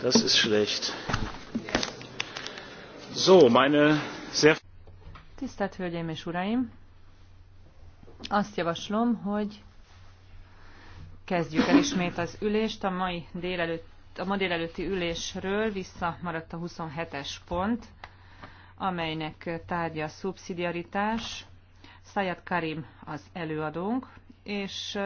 Das ist schlecht. So, meine sehr Tisztelt Hölgyeim és Uraim! Azt javaslom, hogy kezdjük el ismét az ülést. A mai délelőtt, a ma délelőtti ülésről visszamaradt a 27-es pont, amelynek tárgya a szubszidiaritás. Sayed Karim az előadónk, és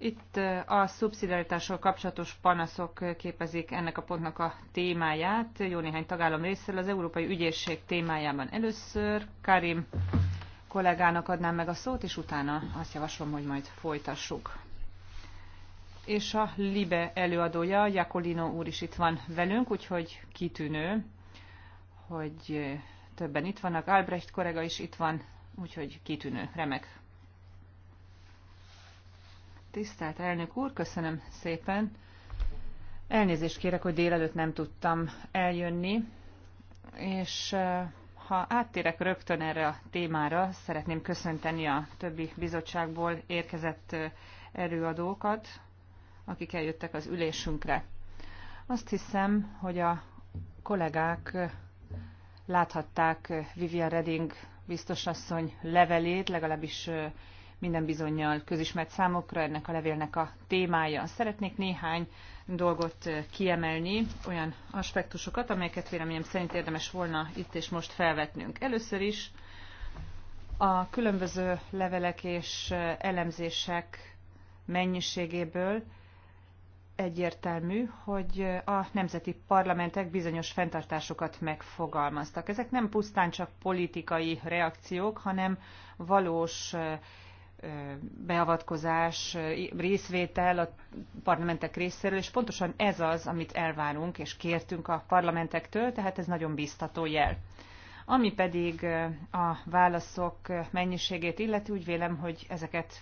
itt a szubszidiaritással kapcsolatos panaszok képezik ennek a pontnak a témáját, jó néhány tagállam részéről az Európai Ügyészség témájában először. Karim kollégának adnám meg a szót, és utána azt javaslom, hogy majd folytassuk. És a LIBE előadója, Jakolino úr is itt van velünk, úgyhogy kitűnő, hogy többen itt vannak, Albrecht kollega is itt van, úgyhogy kitűnő, remek. Tisztelt elnök úr, köszönöm szépen. Elnézést kérek, hogy délelőtt nem tudtam eljönni, és ha áttérek rögtön erre a témára, szeretném köszönteni a többi bizottságból érkezett erőadókat, akik eljöttek az ülésünkre. Azt hiszem, hogy a kollégák láthatták Vivian Reding biztosasszony levelét, legalábbis minden bizonyal közismert számokra ennek a levélnek a témája. Szeretnék néhány dolgot eh, kiemelni, olyan aspektusokat, amelyeket véleményem szerint érdemes volna itt és most felvetnünk. Először is a különböző levelek és eh, elemzések mennyiségéből egyértelmű, hogy eh, a nemzeti parlamentek bizonyos fenntartásokat megfogalmaztak. Ezek nem pusztán csak politikai reakciók, hanem valós beavatkozás, részvétel a parlamentek részéről, és pontosan ez az, amit elvárunk és kértünk a parlamentektől, tehát ez nagyon biztató jel. Ami pedig a válaszok mennyiségét illeti, úgy vélem, hogy ezeket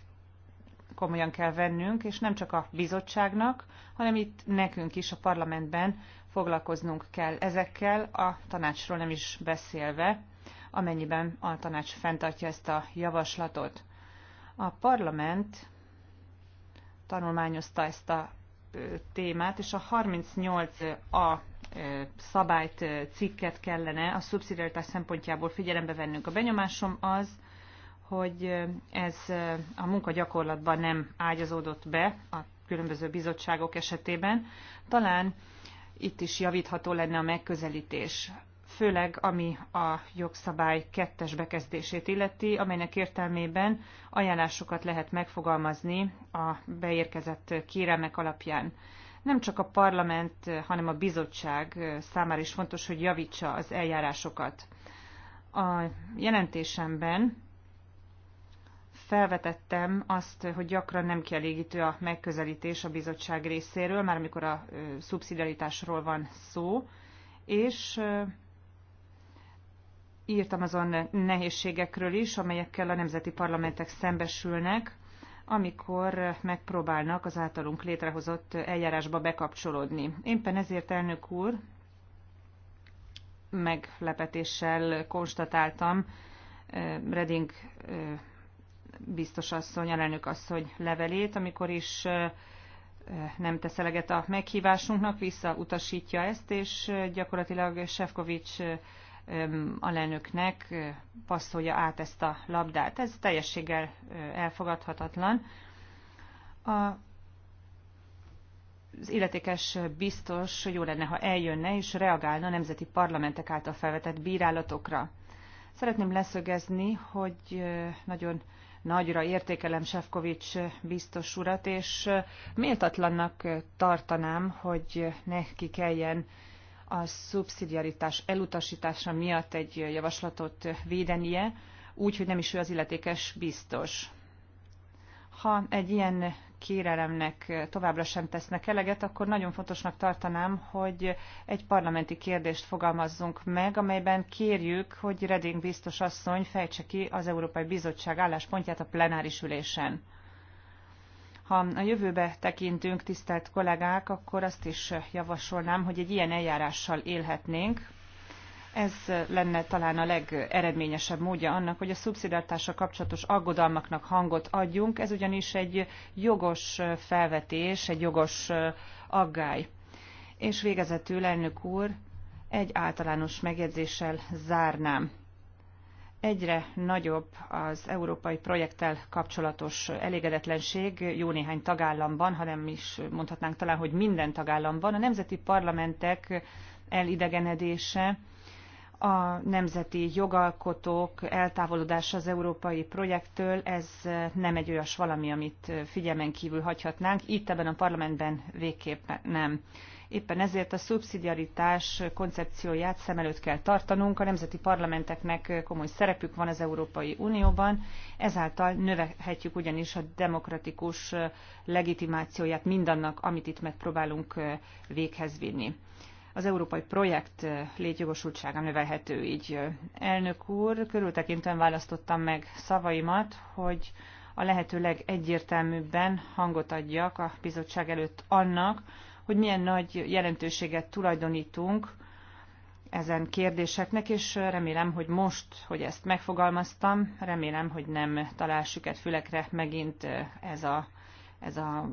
komolyan kell vennünk, és nem csak a bizottságnak, hanem itt nekünk is a parlamentben foglalkoznunk kell ezekkel, a tanácsról nem is beszélve, amennyiben a tanács fenntartja ezt a javaslatot. A parlament tanulmányozta ezt a témát, és a 38a szabályt, cikket kellene a szubszidiaritás szempontjából figyelembe vennünk. A benyomásom az, hogy ez a munka gyakorlatban nem ágyazódott be a különböző bizottságok esetében. Talán itt is javítható lenne a megközelítés főleg ami a jogszabály kettes bekezdését illeti, amelynek értelmében ajánlásokat lehet megfogalmazni a beérkezett kérelmek alapján. Nem csak a parlament, hanem a bizottság számára is fontos, hogy javítsa az eljárásokat. A jelentésemben felvetettem azt, hogy gyakran nem kielégítő a megközelítés a bizottság részéről, már amikor a szubszidialitásról van szó, és írtam azon nehézségekről is, amelyekkel a nemzeti parlamentek szembesülnek, amikor megpróbálnak az általunk létrehozott eljárásba bekapcsolódni. Éppen ezért, elnök úr, meglepetéssel konstatáltam eh, Reding eh, biztos asszony, alelnök asszony levelét, amikor is eh, nem tesz eleget a meghívásunknak, visszautasítja ezt, és gyakorlatilag Sefkovics alelnöknek passzolja át ezt a labdát. Ez teljességgel elfogadhatatlan. A, az illetékes biztos jó lenne, ha eljönne és reagálna a nemzeti parlamentek által felvetett bírálatokra. Szeretném leszögezni, hogy nagyon nagyra értékelem Sefkovics biztos urat, és méltatlannak tartanám, hogy neki kelljen a szubszidiaritás elutasítása miatt egy javaslatot védenie, úgy, hogy nem is ő az illetékes biztos. Ha egy ilyen kérelemnek továbbra sem tesznek eleget, akkor nagyon fontosnak tartanám, hogy egy parlamenti kérdést fogalmazzunk meg, amelyben kérjük, hogy Reding biztos asszony fejtse ki az Európai Bizottság álláspontját a plenáris ülésen. Ha a jövőbe tekintünk, tisztelt kollégák, akkor azt is javasolnám, hogy egy ilyen eljárással élhetnénk. Ez lenne talán a legeredményesebb módja annak, hogy a szubszidartással kapcsolatos aggodalmaknak hangot adjunk. Ez ugyanis egy jogos felvetés, egy jogos aggály. És végezetül, elnök úr, egy általános megjegyzéssel zárnám. Egyre nagyobb az európai projekttel kapcsolatos elégedetlenség jó néhány tagállamban, hanem is mondhatnánk talán, hogy minden tagállamban. A nemzeti parlamentek elidegenedése, a nemzeti jogalkotók eltávolodása az európai projekttől, ez nem egy olyas valami, amit figyelmen kívül hagyhatnánk. Itt ebben a parlamentben végképpen nem. Éppen ezért a szubszidiaritás koncepcióját szem előtt kell tartanunk. A nemzeti parlamenteknek komoly szerepük van az Európai Unióban, ezáltal növehetjük ugyanis a demokratikus legitimációját mindannak, amit itt megpróbálunk véghez vinni az európai projekt létjogosultsága növelhető így. Elnök úr, körültekintően választottam meg szavaimat, hogy a lehető legegyértelműbben hangot adjak a bizottság előtt annak, hogy milyen nagy jelentőséget tulajdonítunk ezen kérdéseknek, és remélem, hogy most, hogy ezt megfogalmaztam, remélem, hogy nem talál süket fülekre megint ez, a, ez a,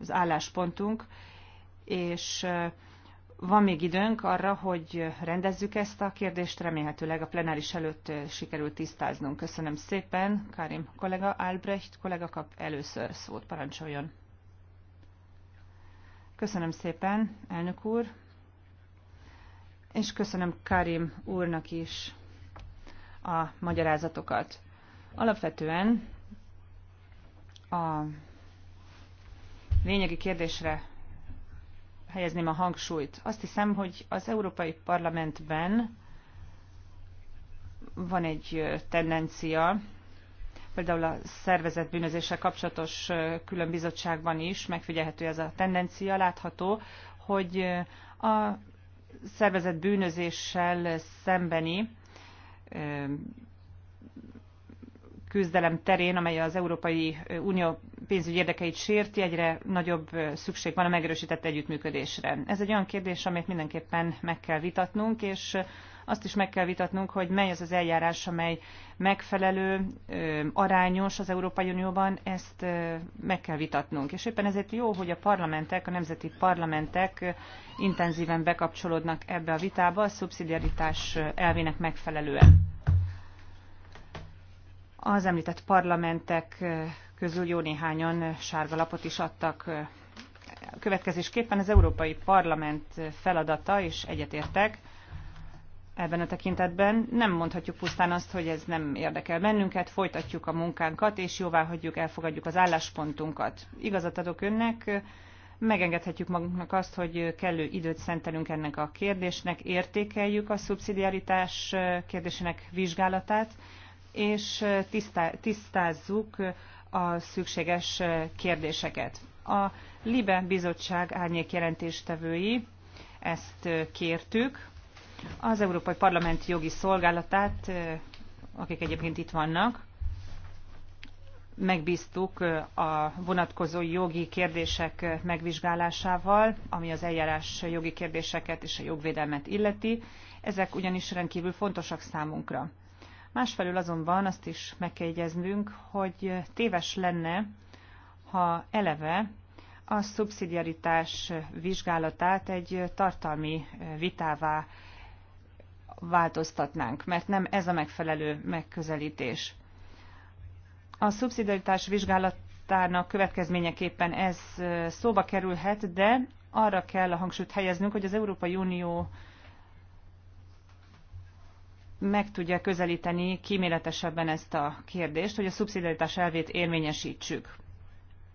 az álláspontunk, és van még időnk arra, hogy rendezzük ezt a kérdést, remélhetőleg a plenáris előtt sikerült tisztáznunk. Köszönöm szépen, Karim kollega, Albrecht kollega kap először szót, parancsoljon. Köszönöm szépen, elnök úr, és köszönöm Karim úrnak is a magyarázatokat. Alapvetően a lényegi kérdésre helyezném a hangsúlyt. Azt hiszem, hogy az Európai Parlamentben van egy tendencia például a szervezett bűnözéssel kapcsolatos bizottságban is megfigyelhető ez a tendencia, látható, hogy a szervezetbűnözéssel bűnözéssel szembeni küzdelem terén, amely az Európai Unió pénzügyi érdekeit sérti, egyre nagyobb szükség van a megerősített együttműködésre. Ez egy olyan kérdés, amit mindenképpen meg kell vitatnunk, és azt is meg kell vitatnunk, hogy mely az az eljárás, amely megfelelő, arányos az Európai Unióban, ezt meg kell vitatnunk. És éppen ezért jó, hogy a parlamentek, a nemzeti parlamentek intenzíven bekapcsolódnak ebbe a vitába a szubszidiaritás elvének megfelelően. Az említett parlamentek közül jó néhányan sárga lapot is adtak következésképpen az Európai Parlament feladata, és egyetértek, ebben a tekintetben. Nem mondhatjuk pusztán azt, hogy ez nem érdekel bennünket, folytatjuk a munkánkat, és jóvá hagyjuk, elfogadjuk az álláspontunkat. Igazat adok önnek, megengedhetjük magunknak azt, hogy kellő időt szentelünk ennek a kérdésnek, értékeljük a szubszidiaritás kérdésének vizsgálatát, és tisztázzuk a szükséges kérdéseket. A LIBE bizottság árnyék jelentéstevői ezt kértük, az Európai Parlament jogi szolgálatát, akik egyébként itt vannak, megbíztuk a vonatkozó jogi kérdések megvizsgálásával, ami az eljárás jogi kérdéseket és a jogvédelmet illeti. Ezek ugyanis rendkívül fontosak számunkra. Másfelől azonban azt is meg kell jegyeznünk, hogy téves lenne, ha eleve a szubszidiaritás vizsgálatát egy tartalmi vitává változtatnánk, mert nem ez a megfelelő megközelítés. A szubszidaritás vizsgálatának következményeképpen ez szóba kerülhet, de arra kell a hangsúlyt helyeznünk, hogy az Európai Unió meg tudja közelíteni kíméletesebben ezt a kérdést, hogy a szubszidiaritás elvét érvényesítsük.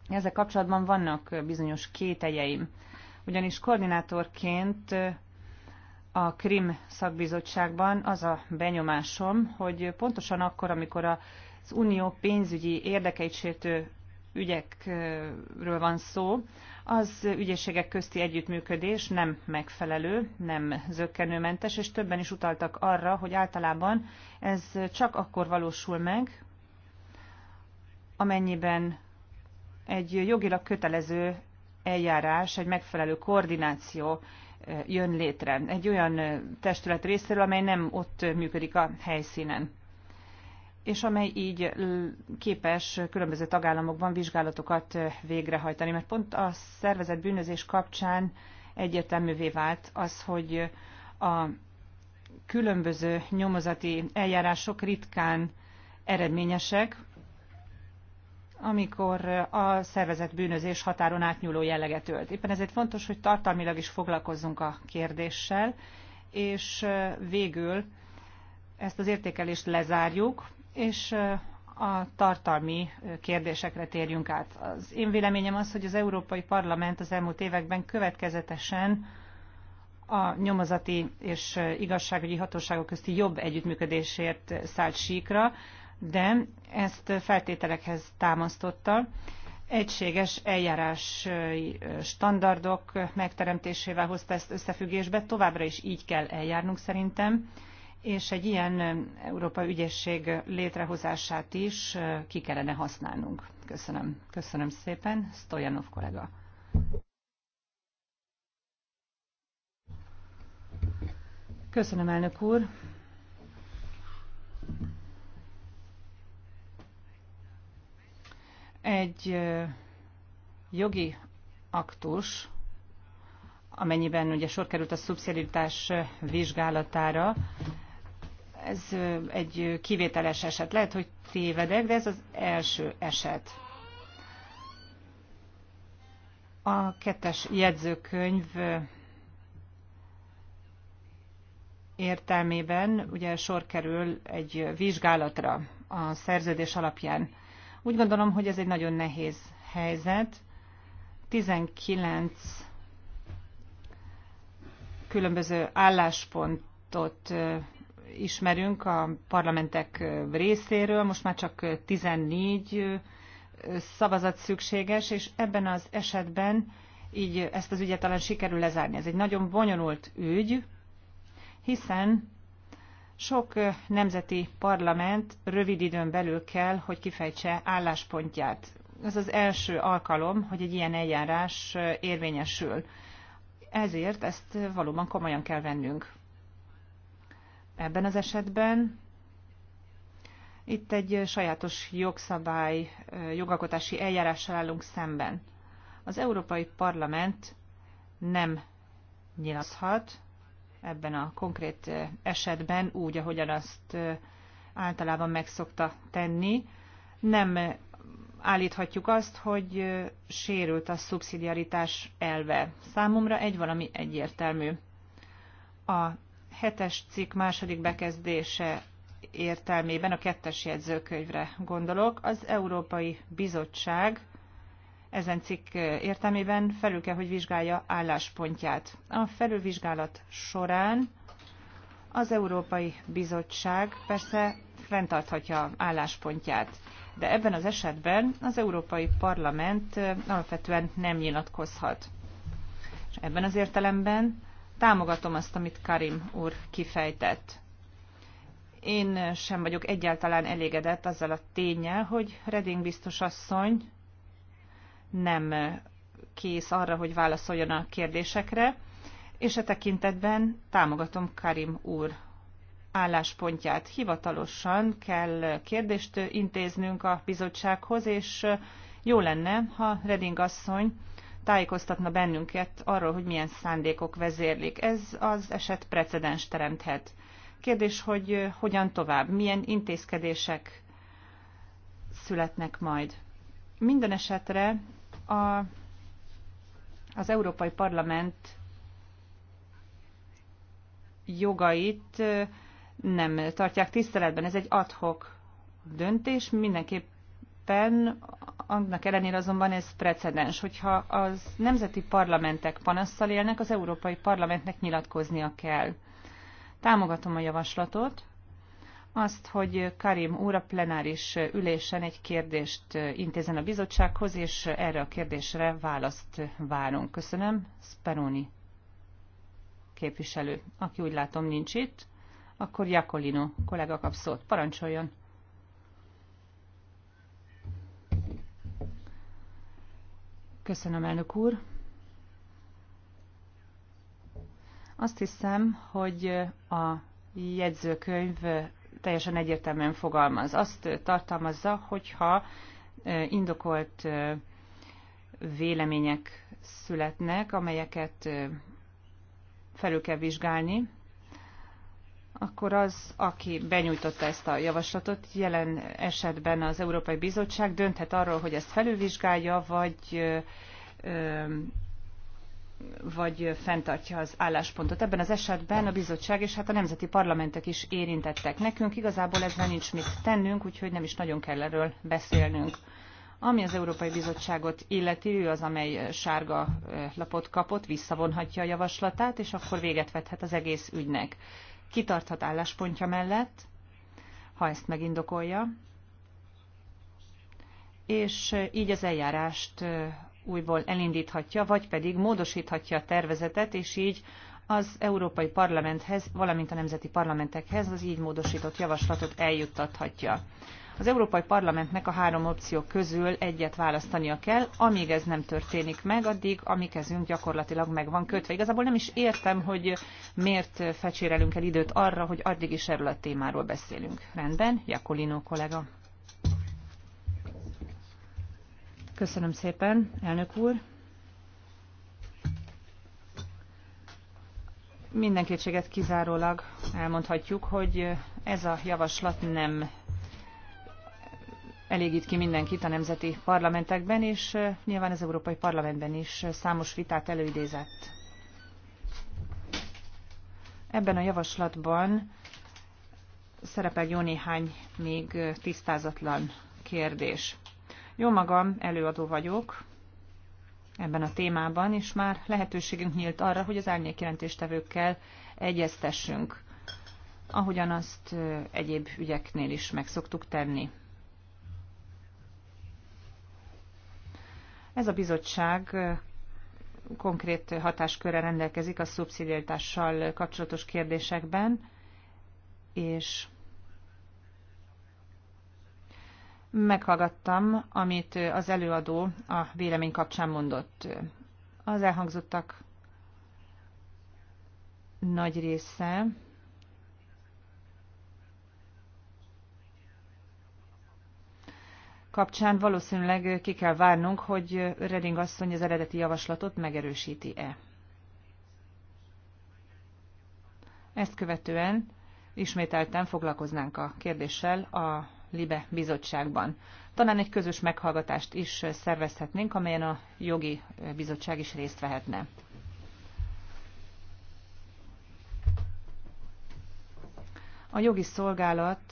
Ezzel kapcsolatban vannak bizonyos kételjeim, ugyanis koordinátorként a Krim szakbizottságban az a benyomásom, hogy pontosan akkor, amikor az unió pénzügyi érdekeit sértő ügyekről van szó, az ügyészségek közti együttműködés nem megfelelő, nem zöggenőmentes, és többen is utaltak arra, hogy általában ez csak akkor valósul meg, amennyiben egy jogilag kötelező eljárás, egy megfelelő koordináció jön létre. Egy olyan testület részéről, amely nem ott működik a helyszínen és amely így képes különböző tagállamokban vizsgálatokat végrehajtani. Mert pont a szervezet bűnözés kapcsán egyértelművé vált az, hogy a különböző nyomozati eljárások ritkán eredményesek, amikor a szervezett bűnözés határon átnyúló jelleget ölt. Éppen ezért fontos, hogy tartalmilag is foglalkozzunk a kérdéssel, és végül ezt az értékelést lezárjuk, és a tartalmi kérdésekre térjünk át. Az én véleményem az, hogy az Európai Parlament az elmúlt években következetesen a nyomozati és igazságügyi hatóságok közti jobb együttműködésért szállt síkra, de ezt feltételekhez támasztotta. Egységes eljárás standardok megteremtésével hozta ezt összefüggésbe, továbbra is így kell eljárnunk szerintem, és egy ilyen Európa ügyesség létrehozását is ki kellene használnunk. Köszönöm. Köszönöm szépen, Stojanov kollega. Köszönöm, elnök úr. Egy jogi aktus, amennyiben ugye sor került a szubszidiaritás vizsgálatára, ez egy kivételes eset. Lehet, hogy tévedek, de ez az első eset. A kettes jegyzőkönyv értelmében ugye sor kerül egy vizsgálatra a szerződés alapján. Úgy gondolom, hogy ez egy nagyon nehéz helyzet. 19 különböző álláspontot ismerünk a parlamentek részéről, most már csak 14 szavazat szükséges, és ebben az esetben így ezt az ügyet talán sikerül lezárni. Ez egy nagyon bonyolult ügy, hiszen sok nemzeti parlament rövid időn belül kell, hogy kifejtse álláspontját. Ez az első alkalom, hogy egy ilyen eljárás érvényesül. Ezért ezt valóban komolyan kell vennünk. Ebben az esetben itt egy sajátos jogszabály, jogalkotási eljárással állunk szemben. Az Európai Parlament nem nyilazhat, ebben a konkrét esetben úgy, ahogyan azt általában megszokta tenni. Nem állíthatjuk azt, hogy sérült a szubszidiaritás elve. Számomra egy valami egyértelmű. A hetes cikk második bekezdése értelmében a kettes jegyzőkönyvre gondolok. Az Európai Bizottság ezen cikk értelmében felül kell, hogy vizsgálja álláspontját. A felülvizsgálat során az Európai Bizottság persze fenntarthatja álláspontját, de ebben az esetben az Európai Parlament alapvetően nem nyilatkozhat. És ebben az értelemben támogatom azt, amit Karim úr kifejtett. Én sem vagyok egyáltalán elégedett azzal a tényel, hogy Reding biztos asszony nem kész arra, hogy válaszoljon a kérdésekre, és e tekintetben támogatom Karim úr álláspontját. Hivatalosan kell kérdést intéznünk a bizottsághoz, és jó lenne, ha Reding asszony tájékoztatna bennünket arról, hogy milyen szándékok vezérlik. Ez az eset precedens teremthet. Kérdés, hogy hogyan tovább, milyen intézkedések születnek majd. Minden esetre a, az Európai Parlament jogait nem tartják tiszteletben. Ez egy adhok döntés, mindenképpen annak ellenére azonban ez precedens, hogyha az nemzeti parlamentek panasszal élnek, az Európai Parlamentnek nyilatkoznia kell. Támogatom a javaslatot, azt, hogy Karim úr a plenáris ülésen egy kérdést intézen a bizottsághoz, és erre a kérdésre választ várunk. Köszönöm. Speroni képviselő, aki úgy látom nincs itt, akkor Jakolino kollega kap szót. Parancsoljon! Köszönöm, elnök úr! Azt hiszem, hogy a jegyzőkönyv teljesen egyértelműen fogalmaz. Azt tartalmazza, hogyha indokolt vélemények születnek, amelyeket felül kell vizsgálni, akkor az, aki benyújtotta ezt a javaslatot, jelen esetben az Európai Bizottság dönthet arról, hogy ezt felülvizsgálja, vagy vagy fenntartja az álláspontot. Ebben az esetben a bizottság és hát a nemzeti parlamentek is érintettek. Nekünk igazából ezzel nincs mit tennünk, úgyhogy nem is nagyon kell erről beszélnünk. Ami az Európai Bizottságot illeti, ő az, amely sárga lapot kapott, visszavonhatja a javaslatát, és akkor véget vethet az egész ügynek. Kitarthat álláspontja mellett, ha ezt megindokolja, és így az eljárást újból elindíthatja, vagy pedig módosíthatja a tervezetet, és így az Európai Parlamenthez, valamint a nemzeti parlamentekhez az így módosított javaslatot eljuttathatja. Az Európai Parlamentnek a három opció közül egyet választania kell, amíg ez nem történik meg, addig a mi kezünk gyakorlatilag meg van kötve. Igazából nem is értem, hogy miért fecsérelünk el időt arra, hogy addig is erről a témáról beszélünk. Rendben, Jakolino kollega. Köszönöm szépen, elnök úr. Minden kétséget kizárólag elmondhatjuk, hogy ez a javaslat nem elégít ki mindenkit a nemzeti parlamentekben, és nyilván az Európai Parlamentben is számos vitát előidézett. Ebben a javaslatban szerepel jó néhány még tisztázatlan kérdés. Jó magam, előadó vagyok ebben a témában, és már lehetőségünk nyílt arra, hogy az árnyékjelentéstevőkkel egyeztessünk, ahogyan azt egyéb ügyeknél is meg szoktuk tenni. Ez a bizottság konkrét hatáskörre rendelkezik a szubszidiaritással kapcsolatos kérdésekben, és Meghallgattam, amit az előadó a vélemény kapcsán mondott. Az elhangzottak nagy része kapcsán valószínűleg ki kell várnunk, hogy Reding asszony az eredeti javaslatot megerősíti-e. Ezt követően ismételten foglalkoznánk a kérdéssel a LIBE bizottságban. Talán egy közös meghallgatást is szervezhetnénk, amelyen a jogi bizottság is részt vehetne. A jogi szolgálathoz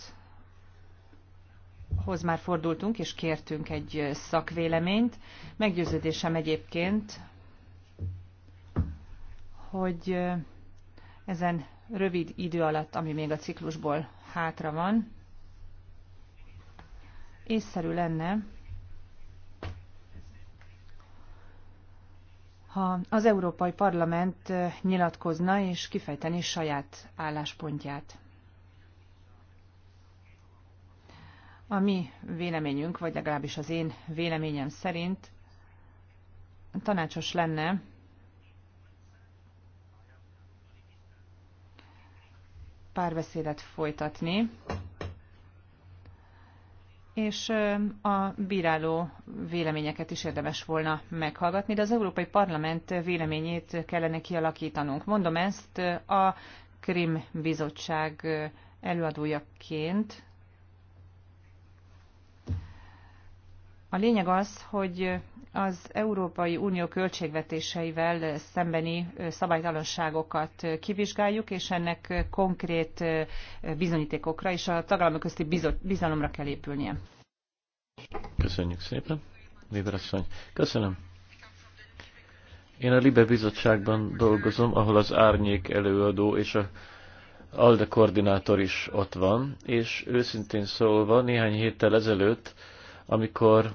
már fordultunk, és kértünk egy szakvéleményt. Meggyőződésem egyébként, hogy ezen rövid idő alatt, ami még a ciklusból hátra van, észszerű lenne, ha az Európai Parlament nyilatkozna és kifejteni saját álláspontját. A mi véleményünk, vagy legalábbis az én véleményem szerint tanácsos lenne párbeszédet folytatni és a bíráló véleményeket is érdemes volna meghallgatni, de az Európai Parlament véleményét kellene kialakítanunk. Mondom ezt a Krim Bizottság előadójaként. A lényeg az, hogy az Európai Unió költségvetéseivel szembeni szabálytalanságokat kivizsgáljuk, és ennek konkrét bizonyítékokra és a tagállamok közti bizalomra kell épülnie. Köszönjük szépen, Léber Köszönöm. Én a Libe bizottságban dolgozom, ahol az árnyék előadó és a ALDE koordinátor is ott van, és őszintén szólva néhány héttel ezelőtt, amikor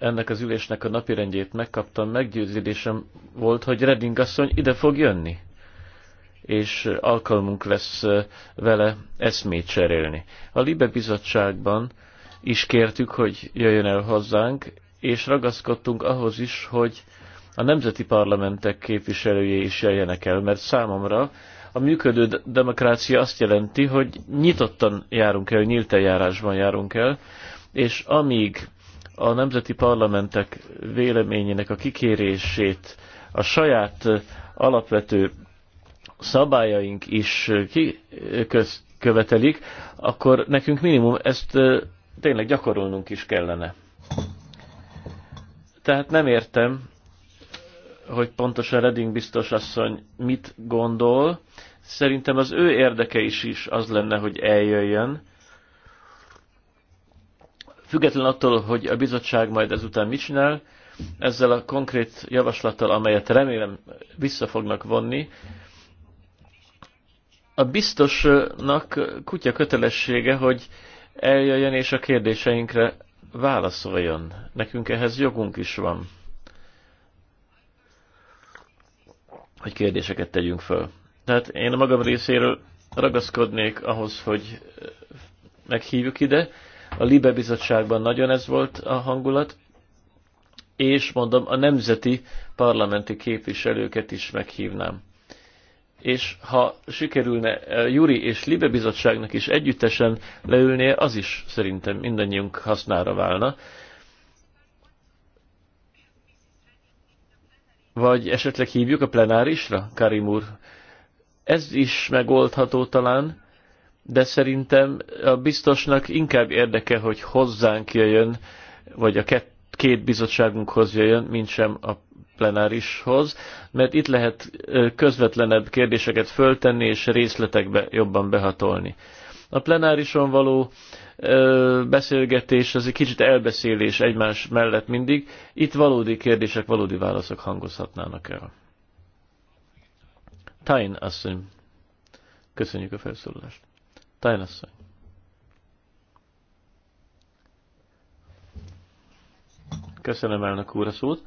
ennek az ülésnek a napirendjét megkaptam, meggyőződésem volt, hogy Redding asszony ide fog jönni, és alkalmunk lesz vele eszmét cserélni. A Libe bizottságban is kértük, hogy jöjjön el hozzánk, és ragaszkodtunk ahhoz is, hogy a nemzeti parlamentek képviselője is jöjjenek el, mert számomra a működő demokrácia azt jelenti, hogy nyitottan járunk el, nyílt eljárásban járunk el, és amíg a nemzeti parlamentek véleményének a kikérését a saját alapvető szabályaink is követelik, akkor nekünk minimum ezt tényleg gyakorolnunk is kellene. Tehát nem értem, hogy pontosan Reding biztos asszony mit gondol. Szerintem az ő érdeke is, is az lenne, hogy eljöjjön, Független attól, hogy a bizottság majd ezután mit csinál, ezzel a konkrét javaslattal, amelyet remélem vissza fognak vonni, a biztosnak kutya kötelessége, hogy eljöjjön és a kérdéseinkre válaszoljon. Nekünk ehhez jogunk is van, hogy kérdéseket tegyünk föl. Tehát én a magam részéről ragaszkodnék ahhoz, hogy meghívjuk ide, a Libe bizottságban nagyon ez volt a hangulat, és mondom, a nemzeti parlamenti képviselőket is meghívnám. És ha sikerülne eh, Juri és Libe bizottságnak is együttesen leülnie, az is szerintem mindannyiunk hasznára válna. Vagy esetleg hívjuk a plenárisra, Karim úr? Ez is megoldható talán, de szerintem a biztosnak inkább érdeke, hogy hozzánk jöjjön, vagy a két bizottságunkhoz jöjjön, mint sem a plenárishoz, mert itt lehet közvetlenebb kérdéseket föltenni és részletekbe jobban behatolni. A plenárison való beszélgetés az egy kicsit elbeszélés egymás mellett mindig, itt valódi kérdések, valódi válaszok hangozhatnának el. Tain asszony, köszönjük a felszólalást. Tájlasszony. Köszönöm elnök úr a szót.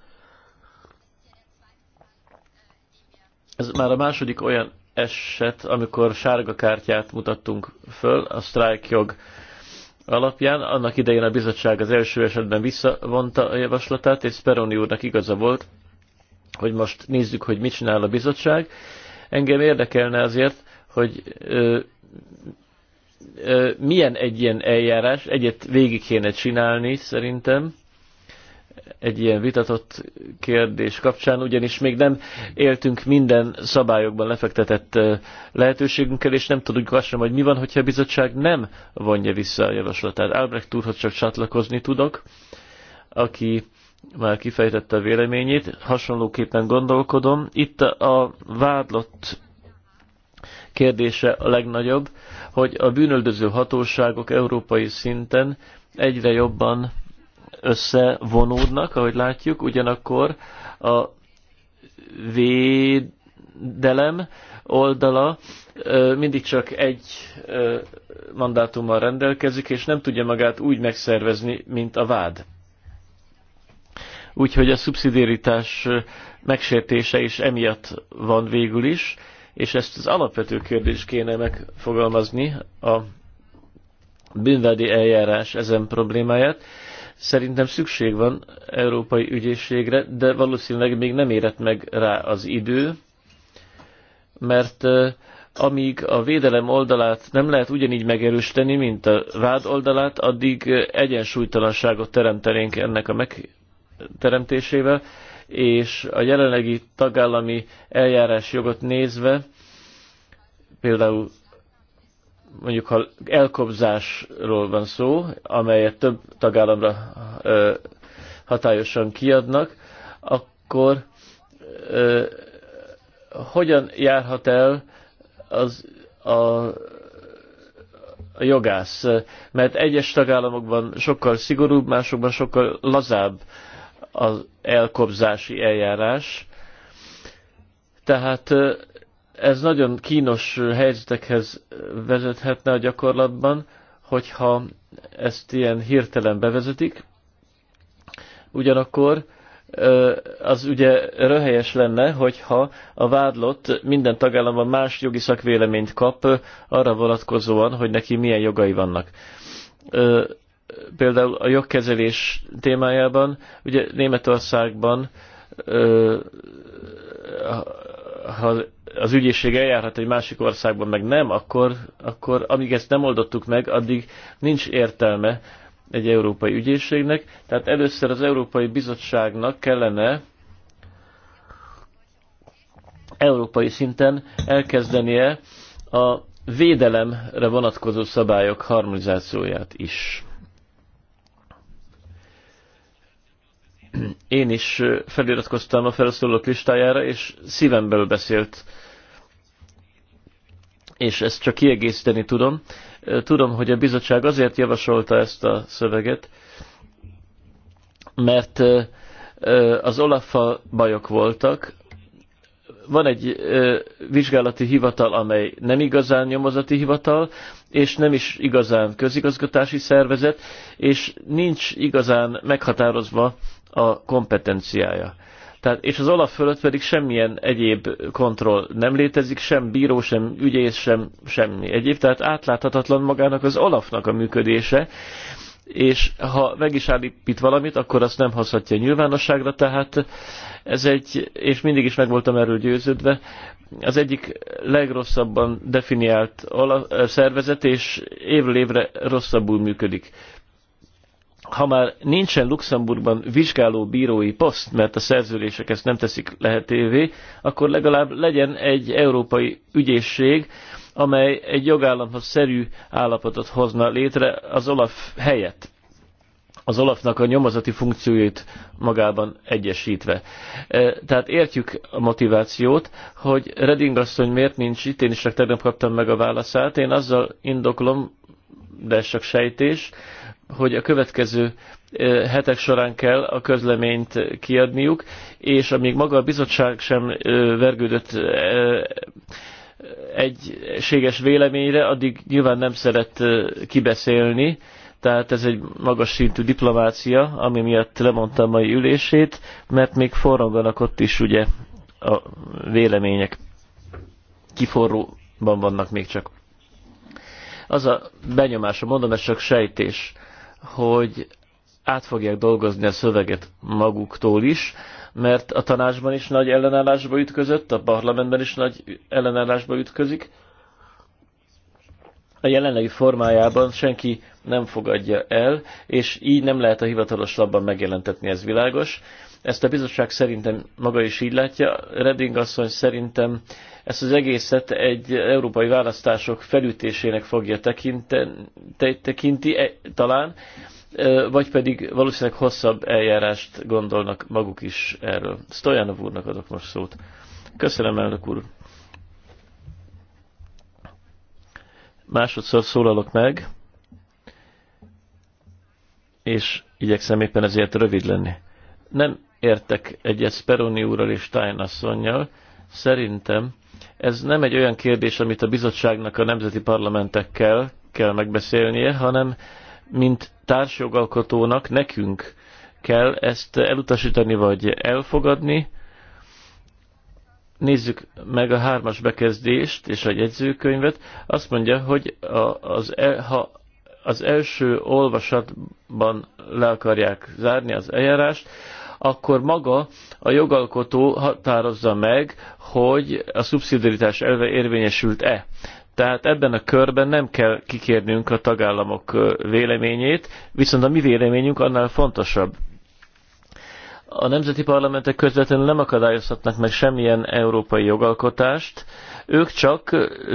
Ez már a második olyan eset, amikor sárga kártyát mutattunk föl a jog alapján. Annak idején a bizottság az első esetben visszavonta a javaslatát, és Speroni úrnak igaza volt, hogy most nézzük, hogy mit csinál a bizottság. Engem érdekelne azért, hogy ö, milyen egy ilyen eljárás, egyet végig kéne csinálni szerintem, egy ilyen vitatott kérdés kapcsán, ugyanis még nem éltünk minden szabályokban lefektetett lehetőségünkkel, és nem tudjuk azt sem, hogy mi van, hogyha a bizottság nem vonja vissza a javaslatát. Albrecht úrhoz csak csatlakozni tudok, aki már kifejtette a véleményét, hasonlóképpen gondolkodom. Itt a vádlott kérdése a legnagyobb, hogy a bűnöldöző hatóságok európai szinten egyre jobban összevonódnak, ahogy látjuk, ugyanakkor a védelem oldala mindig csak egy mandátummal rendelkezik, és nem tudja magát úgy megszervezni, mint a vád. Úgyhogy a szubszidiaritás megsértése is emiatt van végül is, és ezt az alapvető kérdést kéne megfogalmazni, a bűnvádi eljárás ezen problémáját. Szerintem szükség van európai ügyészségre, de valószínűleg még nem érett meg rá az idő, mert amíg a védelem oldalát nem lehet ugyanígy megerősíteni, mint a vád oldalát, addig egyensúlytalanságot teremtenénk ennek a megteremtésével és a jelenlegi tagállami eljárás jogot nézve, például mondjuk ha elkobzásról van szó, amelyet több tagállamra ö, hatályosan kiadnak, akkor ö, hogyan járhat el az a, a jogász? Mert egyes tagállamokban sokkal szigorúbb, másokban sokkal lazább az elkobzási eljárás. Tehát ez nagyon kínos helyzetekhez vezethetne a gyakorlatban, hogyha ezt ilyen hirtelen bevezetik. Ugyanakkor az ugye röhelyes lenne, hogyha a vádlott minden tagállamban más jogi szakvéleményt kap arra vonatkozóan, hogy neki milyen jogai vannak például a jogkezelés témájában, ugye Németországban ha az ügyészség eljárhat egy másik országban, meg nem, akkor, akkor amíg ezt nem oldottuk meg, addig nincs értelme egy európai ügyészségnek. Tehát először az Európai Bizottságnak kellene európai szinten elkezdenie a védelemre vonatkozó szabályok harmonizációját is. Én is feliratkoztam a felszólók listájára, és szívemből beszélt, és ezt csak kiegészíteni tudom. Tudom, hogy a bizottság azért javasolta ezt a szöveget, mert az olaf bajok voltak. Van egy vizsgálati hivatal, amely nem igazán nyomozati hivatal, és nem is igazán közigazgatási szervezet, és nincs igazán meghatározva a kompetenciája. Tehát, és az alap fölött pedig semmilyen egyéb kontroll nem létezik, sem bíró, sem ügyész, sem semmi egyéb. Tehát átláthatatlan magának az alapnak a működése, és ha meg is állít valamit, akkor azt nem hozhatja nyilvánosságra, tehát ez egy, és mindig is meg voltam erről győződve, az egyik legrosszabban definiált szervezet, és évről évre rosszabbul működik ha már nincsen Luxemburgban vizsgáló bírói poszt, mert a szerződések ezt nem teszik lehetővé, akkor legalább legyen egy európai ügyészség, amely egy jogállamhoz szerű állapotot hozna létre az Olaf helyett az Olafnak a nyomozati funkcióit magában egyesítve. E, tehát értjük a motivációt, hogy Reding asszony miért nincs itt, én is csak tegnap kaptam meg a válaszát, én azzal indoklom, de ez csak sejtés, hogy a következő hetek során kell a közleményt kiadniuk, és amíg maga a bizottság sem vergődött egységes véleményre, addig nyilván nem szeret kibeszélni, tehát ez egy magas szintű diplomácia, ami miatt lemondta a mai ülését, mert még forranganak ott is ugye a vélemények kiforróban vannak még csak. Az a benyomásom, mondom, ez csak sejtés, hogy át fogják dolgozni a szöveget maguktól is, mert a tanácsban is nagy ellenállásba ütközött, a parlamentben is nagy ellenállásba ütközik. A jelenlegi formájában senki nem fogadja el, és így nem lehet a hivatalos labban megjelentetni, ez világos. Ezt a bizottság szerintem maga is így látja. Redding asszony szerintem ezt az egészet egy európai választások felütésének fogja tekinten, tekinti e, talán, e, vagy pedig valószínűleg hosszabb eljárást gondolnak maguk is erről. Stojanov úrnak adok most szót. Köszönöm, elnök úr. Másodszor szólalok meg és igyekszem éppen ezért rövid lenni. Nem értek egyet Speroni úrral és Stein asszonynal. Szerintem ez nem egy olyan kérdés, amit a bizottságnak a nemzeti parlamentekkel kell megbeszélnie, hanem mint társjogalkotónak nekünk kell ezt elutasítani vagy elfogadni. Nézzük meg a hármas bekezdést és a jegyzőkönyvet. Azt mondja, hogy az, e- ha az első olvasatban le akarják zárni az eljárást, akkor maga a jogalkotó határozza meg, hogy a szubszidiaritás elve érvényesült-e. Tehát ebben a körben nem kell kikérnünk a tagállamok véleményét, viszont a mi véleményünk annál fontosabb a nemzeti parlamentek közvetlenül nem akadályozhatnak meg semmilyen európai jogalkotást, ők csak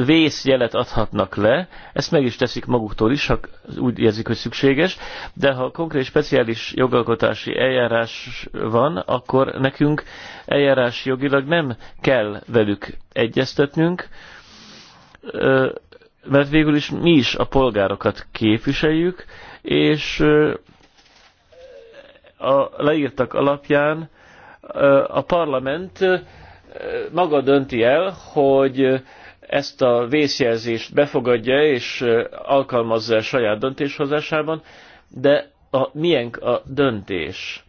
vészjelet adhatnak le, ezt meg is teszik maguktól is, ha úgy érzik, hogy szükséges, de ha konkrét speciális jogalkotási eljárás van, akkor nekünk eljárás jogilag nem kell velük egyeztetnünk, mert végül is mi is a polgárokat képviseljük, és a leírtak alapján a parlament maga dönti el, hogy ezt a vészjelzést befogadja és alkalmazza a saját döntéshozásában, de a milyen a döntés.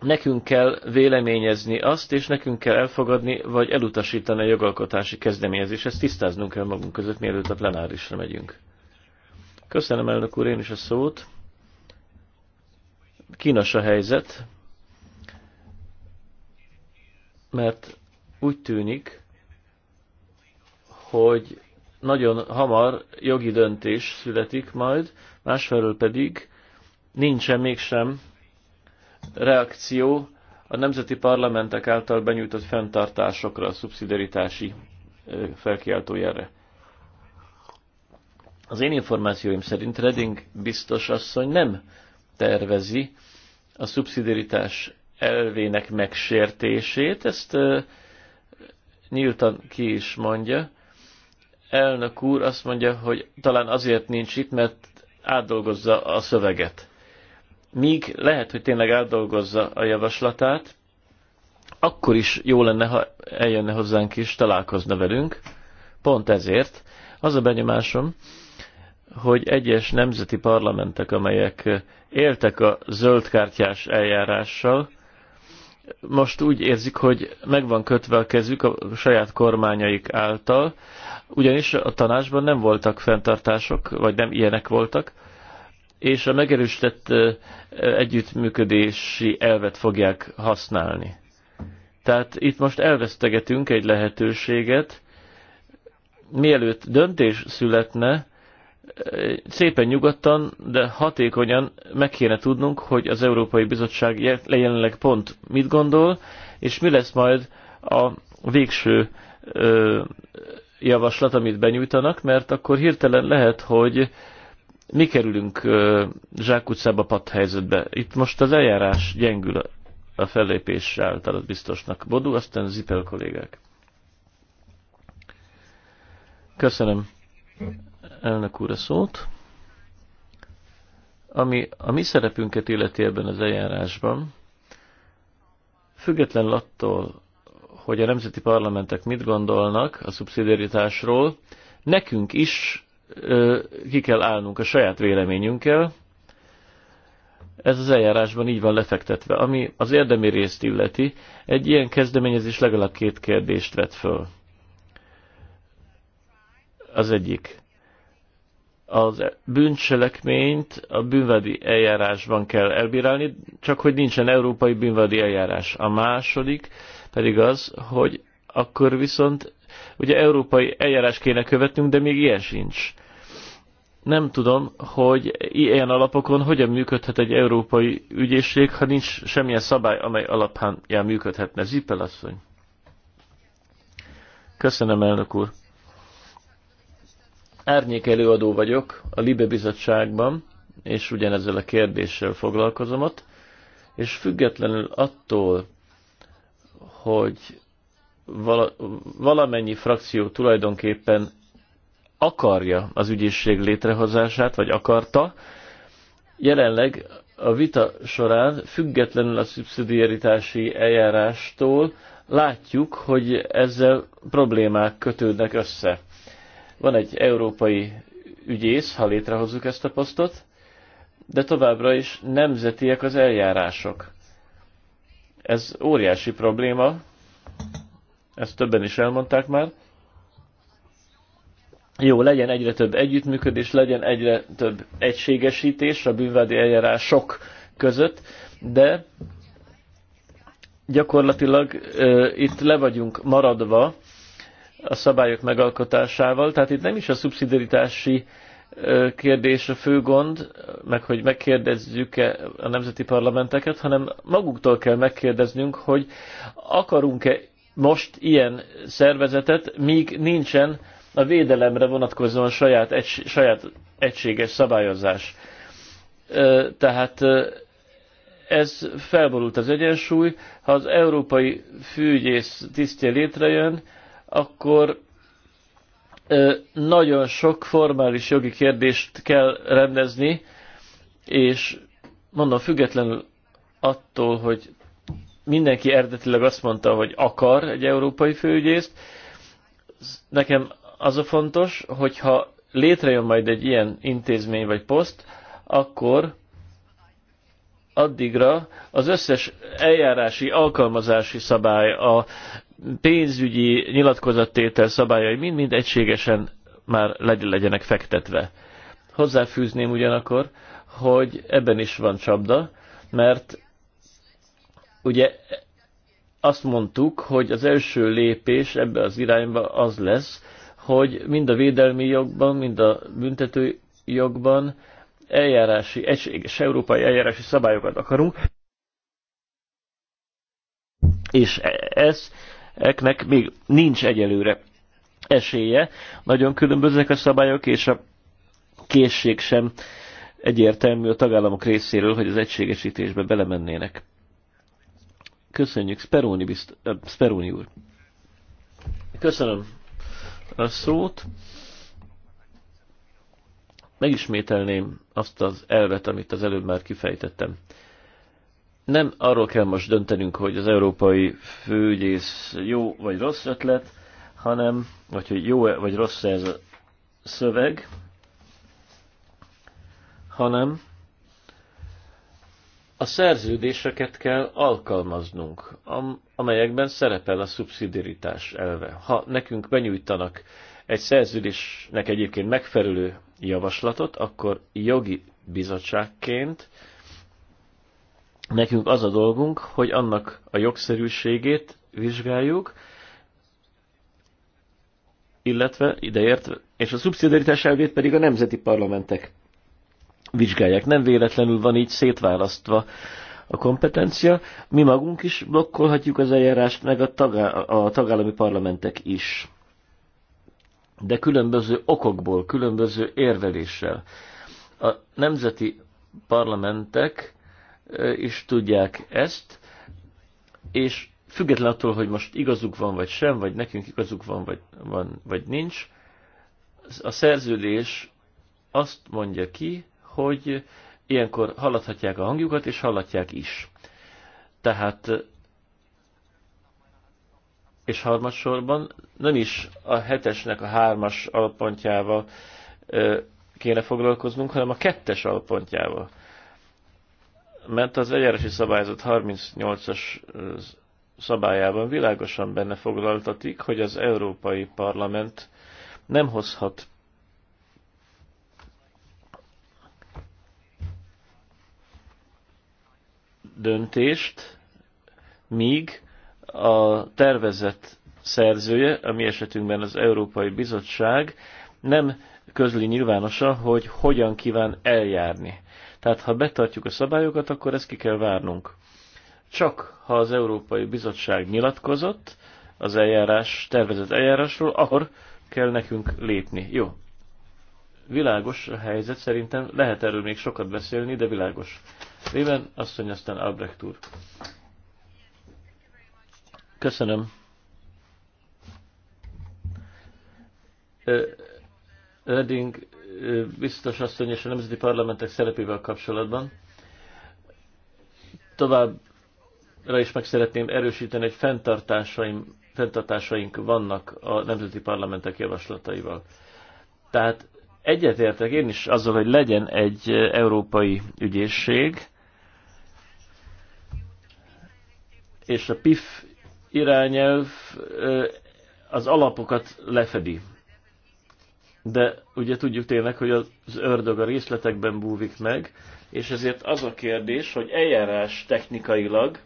Nekünk kell véleményezni azt, és nekünk kell elfogadni vagy elutasítani a jogalkotási kezdeményezést. Ezt tisztáznunk kell magunk között, mielőtt a plenárisra megyünk. Köszönöm elnök úr én is a szót kínos a helyzet, mert úgy tűnik, hogy nagyon hamar jogi döntés születik majd, másfelől pedig nincsen mégsem reakció a nemzeti parlamentek által benyújtott fenntartásokra, a szubszidaritási felkiáltójára. Az én információim szerint Reding biztos asszony nem tervezi a szubszidiaritás elvének megsértését, ezt nyíltan ki is mondja. Elnök úr azt mondja, hogy talán azért nincs itt, mert átdolgozza a szöveget. Míg lehet, hogy tényleg átdolgozza a javaslatát, akkor is jó lenne, ha eljönne hozzánk is, találkozna velünk. Pont ezért. Az a benyomásom, hogy egyes nemzeti parlamentek, amelyek éltek a zöldkártyás eljárással, most úgy érzik, hogy meg van kötve a kezük a saját kormányaik által, ugyanis a tanácsban nem voltak fenntartások, vagy nem ilyenek voltak, és a megerősített együttműködési elvet fogják használni. Tehát itt most elvesztegetünk egy lehetőséget, mielőtt döntés születne, szépen nyugodtan, de hatékonyan meg kéne tudnunk, hogy az Európai Bizottság jelenleg pont mit gondol, és mi lesz majd a végső ö, javaslat, amit benyújtanak, mert akkor hirtelen lehet, hogy mi kerülünk ö, zsákutcába patt helyzetbe. Itt most az eljárás gyengül a fellépés által az biztosnak. Bodu, aztán Zipel kollégák. Köszönöm elnök úr a szót. Ami a mi szerepünket illeti ebben az eljárásban, független attól, hogy a nemzeti parlamentek mit gondolnak a szubszidiaritásról, nekünk is ö, ki kell állnunk a saját véleményünkkel. Ez az eljárásban így van lefektetve. Ami az érdemi részt illeti, egy ilyen kezdeményezés legalább két kérdést vet föl. Az egyik az bűncselekményt a bűnvadi eljárásban kell elbírálni, csak hogy nincsen európai bűnvadi eljárás. A második pedig az, hogy akkor viszont ugye európai eljárás kéne követnünk, de még ilyen sincs. Nem tudom, hogy ilyen alapokon hogyan működhet egy európai ügyészség, ha nincs semmilyen szabály, amely alapján működhetne. Zippel asszony. Köszönöm, elnök úr. Árnyék előadó vagyok a Libe Bizottságban, és ugyanezzel a kérdéssel foglalkozom ott, és függetlenül attól, hogy vala, valamennyi frakció tulajdonképpen akarja az ügyészség létrehozását, vagy akarta, jelenleg a vita során függetlenül a szubszidiaritási eljárástól látjuk, hogy ezzel problémák kötődnek össze. Van egy európai ügyész, ha létrehozzuk ezt a posztot, de továbbra is nemzetiek az eljárások. Ez óriási probléma, ezt többen is elmondták már. Jó, legyen egyre több együttműködés, legyen egyre több egységesítés a bűnvádi eljárások között, de gyakorlatilag ö, itt le vagyunk maradva a szabályok megalkotásával. Tehát itt nem is a szubszidiaritási kérdés a fő gond, meg hogy megkérdezzük-e a nemzeti parlamenteket, hanem maguktól kell megkérdeznünk, hogy akarunk-e most ilyen szervezetet, míg nincsen a védelemre vonatkozóan saját, egy, saját egységes szabályozás. Tehát ez felborult az egyensúly, ha az európai főügyész tisztje létrejön, akkor nagyon sok formális jogi kérdést kell rendezni, és mondom, függetlenül attól, hogy mindenki eredetileg azt mondta, hogy akar egy európai főügyészt, nekem az a fontos, hogyha létrejön majd egy ilyen intézmény vagy poszt, akkor addigra az összes eljárási, alkalmazási szabály, a pénzügyi nyilatkozattétel szabályai mind-mind egységesen már legyenek fektetve. Hozzáfűzném ugyanakkor, hogy ebben is van csapda, mert ugye azt mondtuk, hogy az első lépés ebbe az irányba az lesz, hogy mind a védelmi jogban, mind a büntető jogban eljárási, egységes európai eljárási szabályokat akarunk, és e- ez eknek még nincs egyelőre esélye. Nagyon különböznek a szabályok, és a készség sem egyértelmű a tagállamok részéről, hogy az egységesítésbe belemennének. Köszönjük, Speroni, bizt, Speroni úr. Köszönöm a szót. Megismételném azt az elvet, amit az előbb már kifejtettem. Nem arról kell most döntenünk, hogy az európai főügyész jó vagy rossz ötlet, hanem, vagy hogy jó -e vagy rossz -e ez a szöveg, hanem a szerződéseket kell alkalmaznunk, amelyekben szerepel a szubszidiaritás elve. Ha nekünk benyújtanak egy szerződésnek egyébként megfelelő javaslatot, akkor jogi bizottságként Nekünk az a dolgunk, hogy annak a jogszerűségét vizsgáljuk, illetve ideért, és a szubszidaritás elvét pedig a nemzeti parlamentek vizsgálják. Nem véletlenül van így szétválasztva a kompetencia. Mi magunk is blokkolhatjuk az eljárást, meg a, tagá- a tagállami parlamentek is. De különböző okokból, különböző érveléssel. A nemzeti parlamentek is tudják ezt, és független attól, hogy most igazuk van vagy sem, vagy nekünk igazuk van vagy, van, vagy nincs, a szerződés azt mondja ki, hogy ilyenkor hallathatják a hangjukat, és hallatják is. Tehát, és harmadsorban nem is a hetesnek a hármas alpontjával kéne foglalkoznunk, hanem a kettes alpontjával mert az eljárási szabályzat 38-as szabályában világosan benne foglaltatik, hogy az Európai Parlament nem hozhat döntést, míg a tervezett szerzője, a mi esetünkben az Európai Bizottság nem közli nyilvánosan, hogy hogyan kíván eljárni. Tehát ha betartjuk a szabályokat, akkor ezt ki kell várnunk. Csak ha az Európai Bizottság nyilatkozott az eljárás, tervezett eljárásról, akkor kell nekünk lépni. Jó. Világos a helyzet, szerintem lehet erről még sokat beszélni, de világos. Réven, asszony, aztán Albrecht úr. Köszönöm. Reding, biztos asszony és a nemzeti parlamentek szerepével kapcsolatban. Továbbra is meg szeretném erősíteni, hogy fenntartásaim, fenntartásaink vannak a nemzeti parlamentek javaslataival. Tehát egyetértek én is azzal, hogy legyen egy európai ügyészség, és a PIF irányelv az alapokat lefedi de ugye tudjuk tényleg, hogy az ördög a részletekben búvik meg, és ezért az a kérdés, hogy eljárás technikailag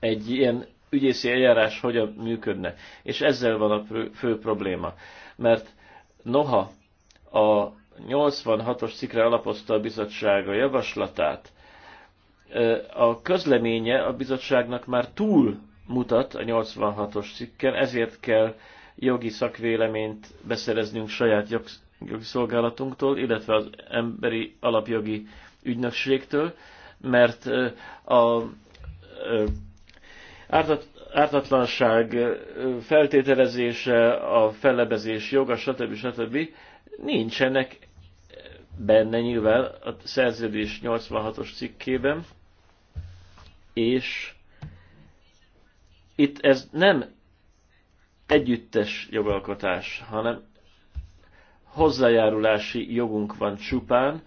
egy ilyen ügyészi eljárás hogyan működne. És ezzel van a fő probléma. Mert noha a 86-os cikre alapozta a bizottság a javaslatát, a közleménye a bizottságnak már túl mutat a 86-os cikken, ezért kell jogi szakvéleményt beszereznünk saját jogi szolgálatunktól, illetve az emberi alapjogi ügynökségtől, mert a ártat, ártatlanság feltételezése, a fellebezés joga, stb. stb. nincsenek benne nyilván a szerződés 86-os cikkében, és itt ez nem együttes jogalkotás, hanem hozzájárulási jogunk van csupán,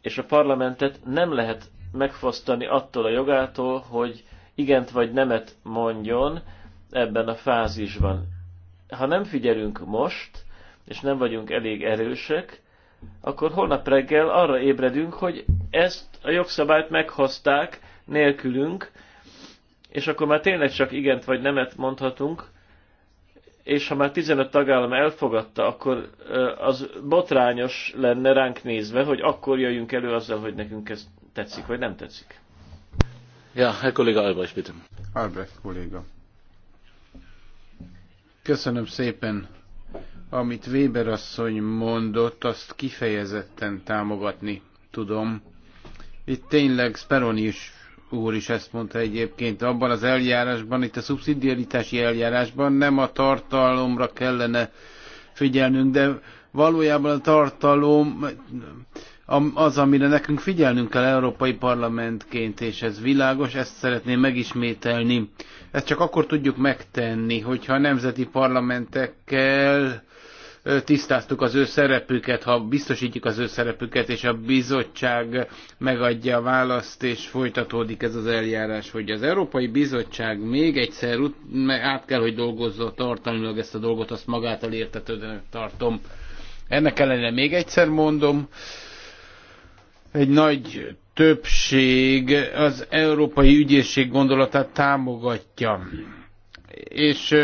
és a parlamentet nem lehet megfosztani attól a jogától, hogy igent vagy nemet mondjon ebben a fázisban. Ha nem figyelünk most, és nem vagyunk elég erősek, akkor holnap reggel arra ébredünk, hogy ezt a jogszabályt meghozták nélkülünk, és akkor már tényleg csak igent vagy nemet mondhatunk, és ha már 15 tagállam elfogadta, akkor az botrányos lenne ránk nézve, hogy akkor jöjjünk elő azzal, hogy nekünk ez tetszik, vagy nem tetszik. Ja, Herr Kollege Albrecht, bitte. Albrecht kolléga. Köszönöm szépen. Amit Weber asszony mondott, azt kifejezetten támogatni tudom. Itt tényleg Speroni is úr is ezt mondta egyébként, abban az eljárásban, itt a szubszidiaritási eljárásban nem a tartalomra kellene figyelnünk, de valójában a tartalom az, amire nekünk figyelnünk kell Európai Parlamentként, és ez világos, ezt szeretném megismételni. Ezt csak akkor tudjuk megtenni, hogyha a nemzeti parlamentekkel tisztáztuk az ő szerepüket, ha biztosítjuk az ő szerepüket, és a bizottság megadja a választ, és folytatódik ez az eljárás, hogy az Európai Bizottság még egyszer át kell, hogy dolgozza tartalmilag ezt a dolgot, azt magától értetődőnek tartom. Ennek ellenére még egyszer mondom, egy nagy többség az Európai Ügyészség gondolatát támogatja és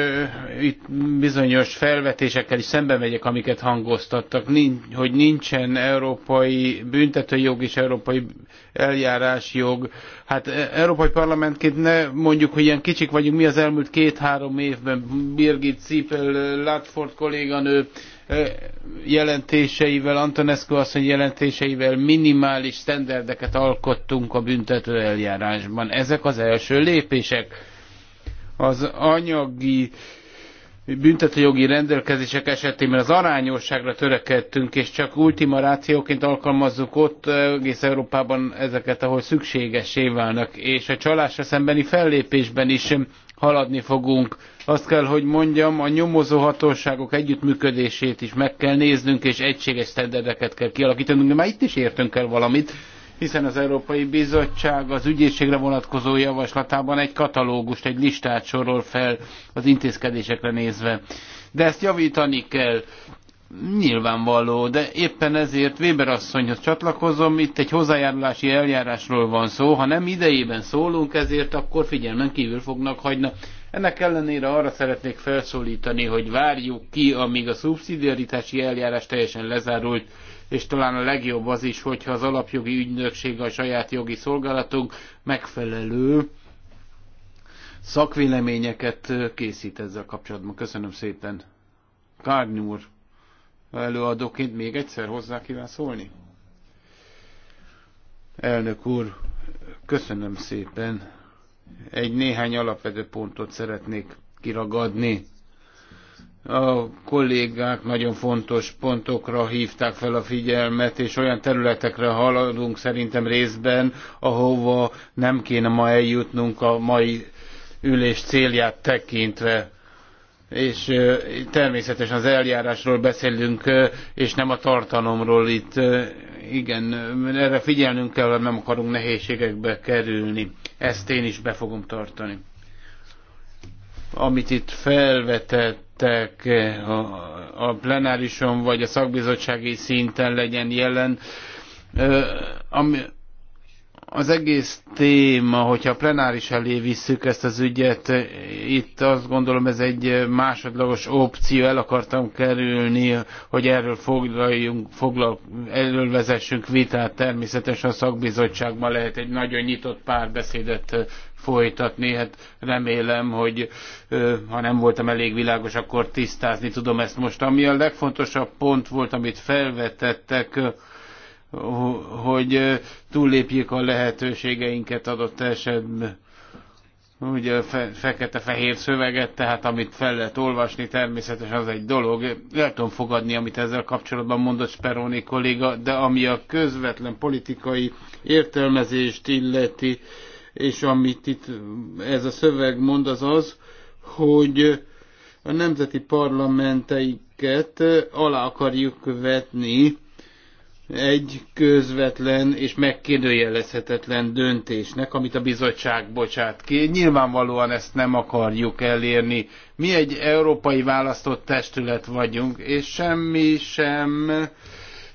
itt bizonyos felvetésekkel is szembe megyek, amiket hangoztattak, hogy nincsen európai büntetőjog és európai eljárásjog. Hát e, európai parlamentként ne mondjuk, hogy ilyen kicsik vagyunk, mi az elmúlt két-három évben Birgit Cipel, Latford kolléganő e, jelentéseivel, Antonescu asszony jelentéseivel minimális sztenderdeket alkottunk a büntető eljárásban. Ezek az első lépések az anyagi büntetőjogi rendelkezések esetében az arányosságra törekedtünk, és csak ultima rációként alkalmazzuk ott eh, egész Európában ezeket, ahol szükségesé válnak, és a csalásra szembeni fellépésben is haladni fogunk. Azt kell, hogy mondjam, a nyomozó hatóságok együttműködését is meg kell néznünk, és egységes sztenderdeket kell kialakítanunk, de már itt is értünk el valamit, hiszen az Európai Bizottság az ügyészségre vonatkozó javaslatában egy katalógust, egy listát sorol fel az intézkedésekre nézve. De ezt javítani kell. Nyilvánvaló, de éppen ezért Weber asszonyhoz csatlakozom, itt egy hozzájárulási eljárásról van szó, ha nem idejében szólunk ezért, akkor figyelmen kívül fognak hagyni. Ennek ellenére arra szeretnék felszólítani, hogy várjuk ki, amíg a szubszidiaritási eljárás teljesen lezárult, és talán a legjobb az is, hogyha az alapjogi ügynökség, a saját jogi szolgálatunk megfelelő szakvéleményeket készít ezzel kapcsolatban. Köszönöm szépen. Kárny úr, előadóként még egyszer hozzá kíván szólni? Elnök úr, köszönöm szépen. Egy néhány alapvető pontot szeretnék kiragadni a kollégák nagyon fontos pontokra hívták fel a figyelmet, és olyan területekre haladunk szerintem részben, ahova nem kéne ma eljutnunk a mai ülés célját tekintve. És természetesen az eljárásról beszélünk, és nem a tartalomról itt. Igen, erre figyelnünk kell, nem akarunk nehézségekbe kerülni. Ezt én is be fogom tartani amit itt felvetettek eh, a plenárison vagy a szakbizottsági szinten legyen jelen. Eh, ami, az egész téma, hogyha a plenáris elé visszük ezt az ügyet, eh, itt azt gondolom ez egy másodlagos opció, el akartam kerülni, hogy erről foglaljunk, foglal, erről vezessünk vitát, természetesen a szakbizottságban lehet egy nagyon nyitott párbeszédet folytatni. Hát remélem, hogy ha nem voltam elég világos, akkor tisztázni tudom ezt most. Ami a legfontosabb pont volt, amit felvetettek, hogy túllépjék a lehetőségeinket adott esetben ugye fe, fekete-fehér szöveget, tehát amit fel lehet olvasni, természetesen az egy dolog. El tudom fogadni, amit ezzel kapcsolatban mondott Speroni kolléga, de ami a közvetlen politikai értelmezést illeti, és amit itt ez a szöveg mond, az az, hogy a nemzeti parlamenteiket alá akarjuk vetni egy közvetlen és megkérdőjelezhetetlen döntésnek, amit a bizottság bocsát ki. Nyilvánvalóan ezt nem akarjuk elérni. Mi egy európai választott testület vagyunk, és semmi sem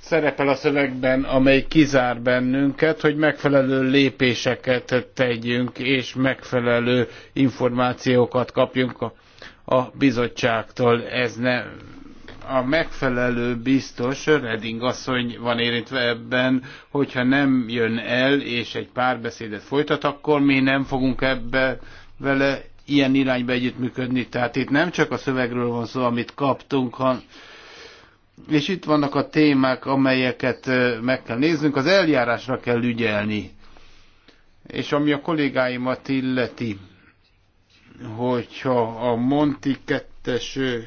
szerepel a szövegben, amely kizár bennünket, hogy megfelelő lépéseket tegyünk, és megfelelő információkat kapjunk a, a bizottságtól. Ez ne, a megfelelő biztos Reding asszony van érintve ebben, hogyha nem jön el és egy párbeszédet folytat, akkor mi nem fogunk ebbe vele ilyen irányba együttműködni. Tehát itt nem csak a szövegről van szó, amit kaptunk, hanem és itt vannak a témák, amelyeket meg kell néznünk, az eljárásra kell ügyelni. És ami a kollégáimat illeti, hogyha a Monti 2-es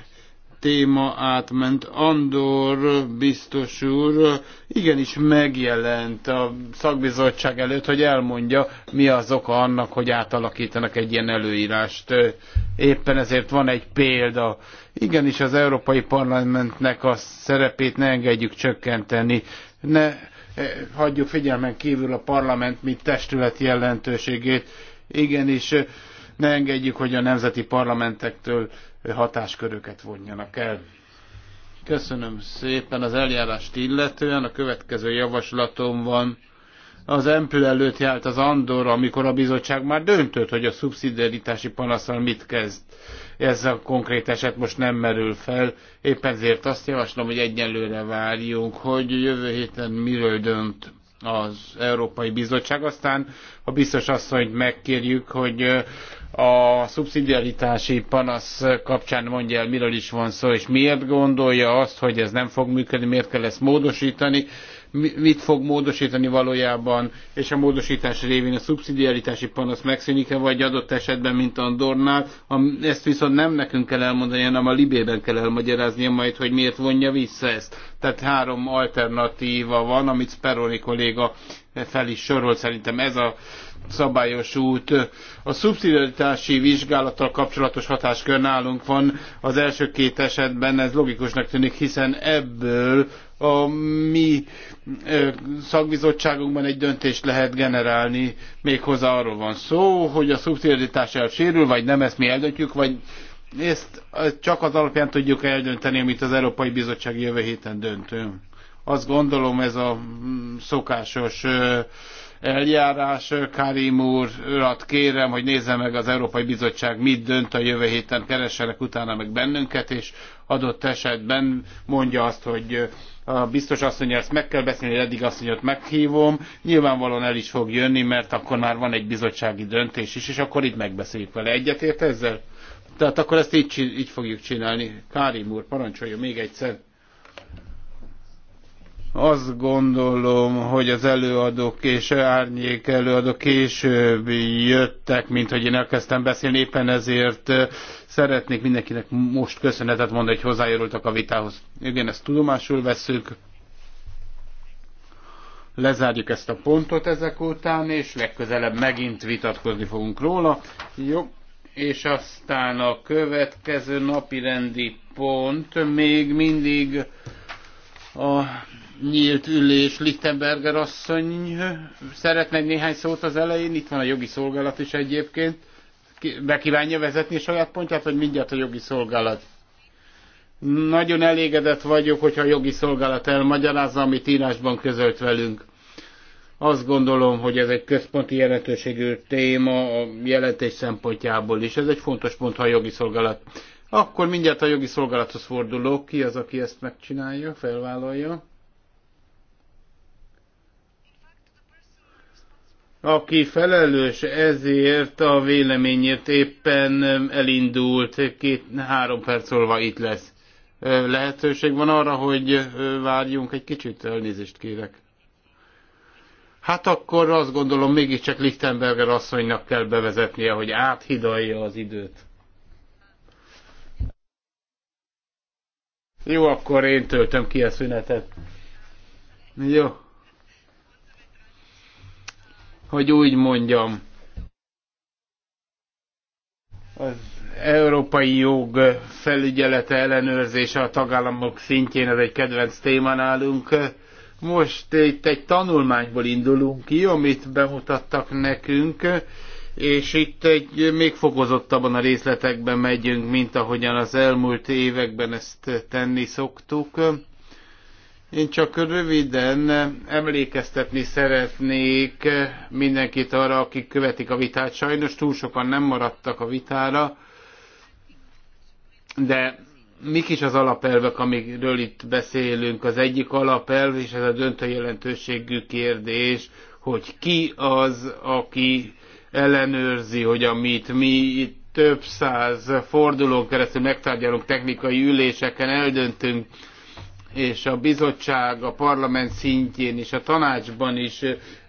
téma átment. Andor biztos úr igenis megjelent a szakbizottság előtt, hogy elmondja, mi az oka annak, hogy átalakítanak egy ilyen előírást. Éppen ezért van egy példa. Igenis az Európai Parlamentnek a szerepét ne engedjük csökkenteni. Ne eh, hagyjuk figyelmen kívül a parlament, mint testület jelentőségét. Igenis eh, ne engedjük, hogy a nemzeti parlamentektől hatásköröket vonjanak el. Köszönöm szépen az eljárást illetően. A következő javaslatom van. Az empül előtt járt az Andor, amikor a bizottság már döntött, hogy a szubszidiaritási panaszal mit kezd. Ez a konkrét eset most nem merül fel. Éppen ezért azt javaslom, hogy egyenlőre várjunk, hogy jövő héten miről dönt az Európai Bizottság. Aztán a biztos asszonyt megkérjük, hogy a szubszidiaritási panasz kapcsán mondja el, miről is van szó, és miért gondolja azt, hogy ez nem fog működni, miért kell ezt módosítani mit fog módosítani valójában, és a módosítás révén a szubszidiaritási panasz megszűnik-e, vagy adott esetben, mint Andornál. Ezt viszont nem nekünk kell elmondani, hanem a Libében kell elmagyaráznia majd, hogy miért vonja vissza ezt. Tehát három alternatíva van, amit Speroni kolléga fel is sorol, szerintem ez a szabályos út. A szubszidiaritási vizsgálattal kapcsolatos hatáskör nálunk van. Az első két esetben ez logikusnak tűnik, hiszen ebből a mi szakbizottságunkban egy döntést lehet generálni, méghozzá arról van szó, hogy a szubszidiaritás elsérül, vagy nem, ezt mi eldöntjük, vagy ezt csak az alapján tudjuk eldönteni, amit az Európai Bizottság jövő héten döntünk. Azt gondolom ez a mm, szokásos eljárás. Karim úr, urat kérem, hogy nézze meg az Európai Bizottság mit dönt a jövő héten, keressenek utána meg bennünket, és adott esetben mondja azt, hogy a biztos mondja, ezt meg kell beszélni, eddig azt, hogy meghívom, nyilvánvalóan el is fog jönni, mert akkor már van egy bizottsági döntés is, és akkor itt megbeszéljük vele. Egyetért ezzel? Tehát akkor ezt így, így fogjuk csinálni. Kárim úr, parancsoljon még egyszer. Azt gondolom, hogy az előadók és árnyék előadók később jöttek, mint hogy én elkezdtem beszélni, éppen ezért szeretnék mindenkinek most köszönetet mondani, hogy hozzájárultak a vitához. Igen, ezt tudomásul veszük. Lezárjuk ezt a pontot ezek után, és legközelebb megint vitatkozni fogunk róla. Jó és aztán a következő napi rendi pont még mindig a nyílt ülés. Lichtenberger asszony szeretne néhány szót az elején, itt van a jogi szolgálat is egyébként. Bekívánja vezetni a saját pontját, vagy mindjárt a jogi szolgálat? Nagyon elégedett vagyok, hogyha a jogi szolgálat elmagyarázza, amit írásban közölt velünk. Azt gondolom, hogy ez egy központi jelentőségű téma a jelentés szempontjából is. Ez egy fontos pont, ha a jogi szolgálat. Akkor mindjárt a jogi szolgálathoz fordulok. Ki az, aki ezt megcsinálja, felvállalja? aki felelős ezért a véleményért éppen elindult, két-három perc múlva itt lesz. Lehetőség van arra, hogy várjunk egy kicsit, elnézést kérek. Hát akkor azt gondolom, mégiscsak Lichtenberger asszonynak kell bevezetnie, hogy áthidalja az időt. Jó, akkor én töltöm ki a szünetet. Jó hogy úgy mondjam, az európai jog felügyelete ellenőrzése a tagállamok szintjén, ez egy kedvenc téma nálunk. Most itt egy tanulmányból indulunk ki, amit bemutattak nekünk, és itt egy még fokozottabban a részletekben megyünk, mint ahogyan az elmúlt években ezt tenni szoktuk. Én csak röviden emlékeztetni szeretnék mindenkit arra, akik követik a vitát. Sajnos túl sokan nem maradtak a vitára, de mik is az alapelvek, amikről itt beszélünk? Az egyik alapelv, és ez a döntő jelentőségű kérdés, hogy ki az, aki ellenőrzi, hogy amit mi itt több száz fordulón keresztül megtárgyalunk technikai üléseken, eldöntünk, és a bizottság a parlament szintjén és a tanácsban is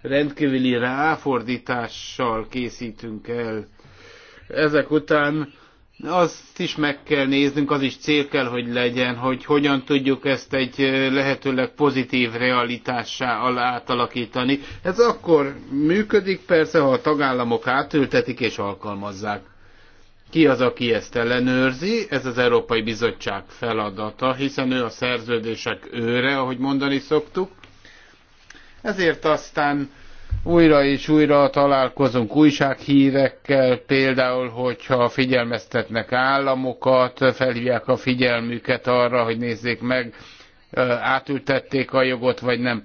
rendkívüli ráfordítással készítünk el. Ezek után azt is meg kell néznünk, az is cél kell, hogy legyen, hogy hogyan tudjuk ezt egy lehetőleg pozitív realitássá átalakítani. Ez akkor működik persze, ha a tagállamok átültetik és alkalmazzák. Ki az, aki ezt ellenőrzi? Ez az Európai Bizottság feladata, hiszen ő a szerződések őre, ahogy mondani szoktuk. Ezért aztán újra és újra találkozunk újsághírekkel, például, hogyha figyelmeztetnek államokat, felhívják a figyelmüket arra, hogy nézzék meg, átültették a jogot, vagy nem.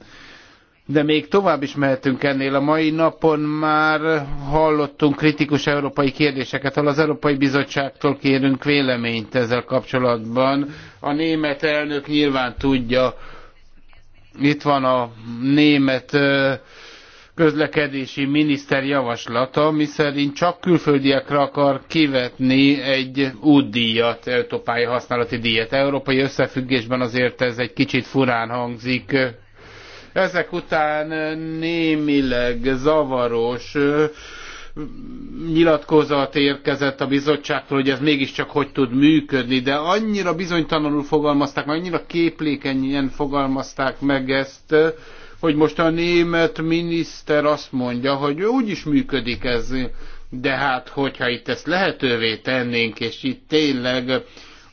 De még tovább is mehetünk ennél. A mai napon már hallottunk kritikus európai kérdéseket, ahol az Európai Bizottságtól kérünk véleményt ezzel kapcsolatban. A német elnök nyilván tudja, itt van a német közlekedési miniszter javaslata, miszerint csak külföldiekre akar kivetni egy útdíjat, autópálya használati díjat. Európai összefüggésben azért ez egy kicsit furán hangzik, ezek után némileg zavaros nyilatkozat érkezett a bizottságtól, hogy ez mégiscsak hogy tud működni, de annyira bizonytalanul fogalmazták meg, annyira képlékenyen fogalmazták meg ezt, hogy most a német miniszter azt mondja, hogy úgy is működik ez, de hát hogyha itt ezt lehetővé tennénk, és itt tényleg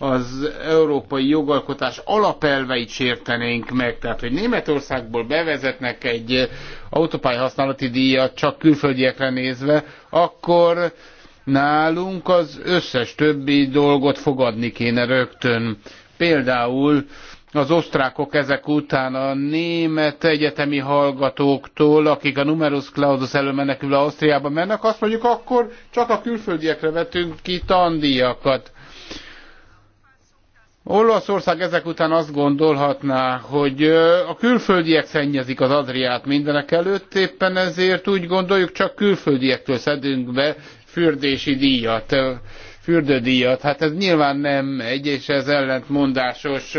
az európai jogalkotás alapelveit sértenénk meg. Tehát, hogy Németországból bevezetnek egy autópályhasználati díjat csak külföldiekre nézve, akkor nálunk az összes többi dolgot fogadni kéne rögtön. Például az osztrákok ezek után a német egyetemi hallgatóktól, akik a numerus clausus elől menekülve Ausztriába mennek, azt mondjuk akkor csak a külföldiekre vetünk ki tandíjakat. Olaszország ezek után azt gondolhatná, hogy a külföldiek szennyezik az Adriát mindenek előtt, éppen ezért úgy gondoljuk, csak külföldiektől szedünk be fürdési díjat, fürdődíjat. Hát ez nyilván nem egy, és ez ellentmondásos.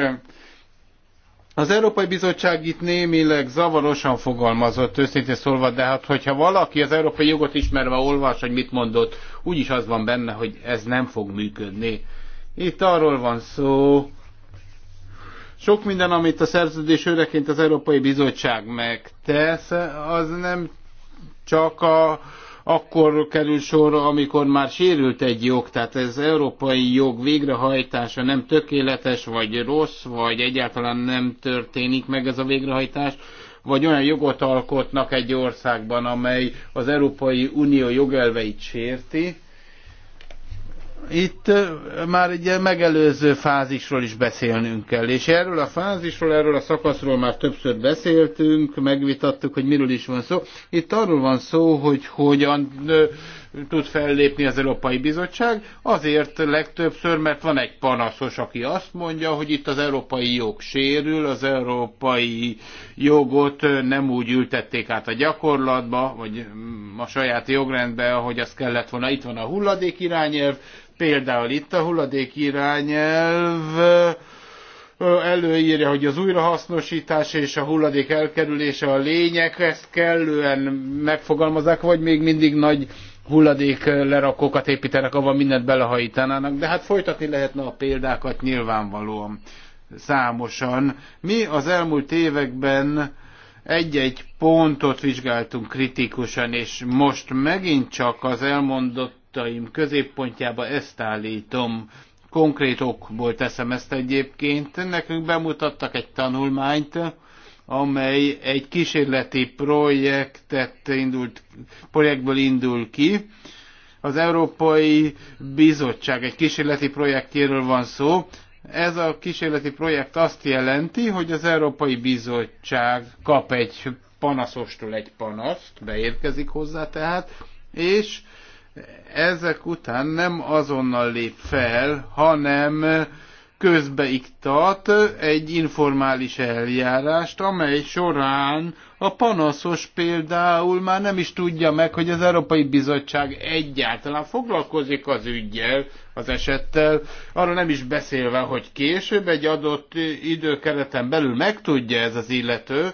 Az Európai Bizottság itt némileg zavarosan fogalmazott, őszintén szólva, de hát hogyha valaki az európai jogot ismerve olvas, hogy mit mondott, úgyis az van benne, hogy ez nem fog működni itt arról van szó, sok minden, amit a szerződés őreként az Európai Bizottság megtesz, az nem csak a, akkor kerül sor, amikor már sérült egy jog, tehát ez európai jog végrehajtása nem tökéletes, vagy rossz, vagy egyáltalán nem történik meg ez a végrehajtás, vagy olyan jogot alkotnak egy országban, amely az Európai Unió jogelveit sérti, itt már egy megelőző fázisról is beszélnünk kell, és erről a fázisról, erről a szakaszról már többször beszéltünk, megvitattuk, hogy miről is van szó. Itt arról van szó, hogy hogyan tud fellépni az Európai Bizottság, azért legtöbbször, mert van egy panaszos, aki azt mondja, hogy itt az európai jog sérül, az európai jogot nem úgy ültették át a gyakorlatba, vagy mm, a saját jogrendbe, ahogy az kellett volna. Itt van a hulladék irányelv, Például itt a hulladék irányelv előírja, hogy az újrahasznosítás és a hulladék elkerülése a lények, ezt kellően megfogalmazák, vagy még mindig nagy hulladék lerakókat építenek, ahol mindent belehajítanának, de hát folytatni lehetne a példákat nyilvánvalóan számosan. Mi az elmúlt években egy-egy pontot vizsgáltunk kritikusan, és most megint csak az elmondott gondolataim középpontjába ezt állítom. Konkrét okból teszem ezt egyébként. Nekünk bemutattak egy tanulmányt, amely egy kísérleti projektet indult, projektből indul ki. Az Európai Bizottság egy kísérleti projektjéről van szó. Ez a kísérleti projekt azt jelenti, hogy az Európai Bizottság kap egy panaszostól egy panaszt, beérkezik hozzá tehát, és ezek után nem azonnal lép fel, hanem közbeiktat egy informális eljárást, amely során a panaszos például már nem is tudja meg, hogy az Európai Bizottság egyáltalán foglalkozik az ügyjel, az esettel, arra nem is beszélve, hogy később egy adott időkereten belül megtudja ez az illető,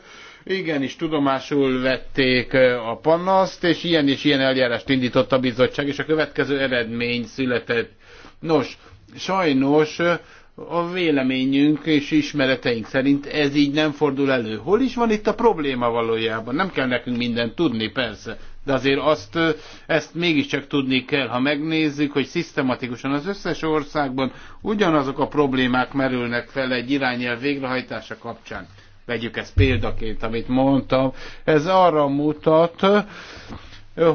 igenis tudomásul vették a panaszt, és ilyen és ilyen eljárást indított a bizottság, és a következő eredmény született. Nos, sajnos a véleményünk és ismereteink szerint ez így nem fordul elő. Hol is van itt a probléma valójában? Nem kell nekünk mindent tudni, persze, de azért azt, ezt mégiscsak tudni kell, ha megnézzük, hogy szisztematikusan az összes országban ugyanazok a problémák merülnek fel egy irányelv végrehajtása kapcsán vegyük ezt példaként, amit mondtam. Ez arra mutat,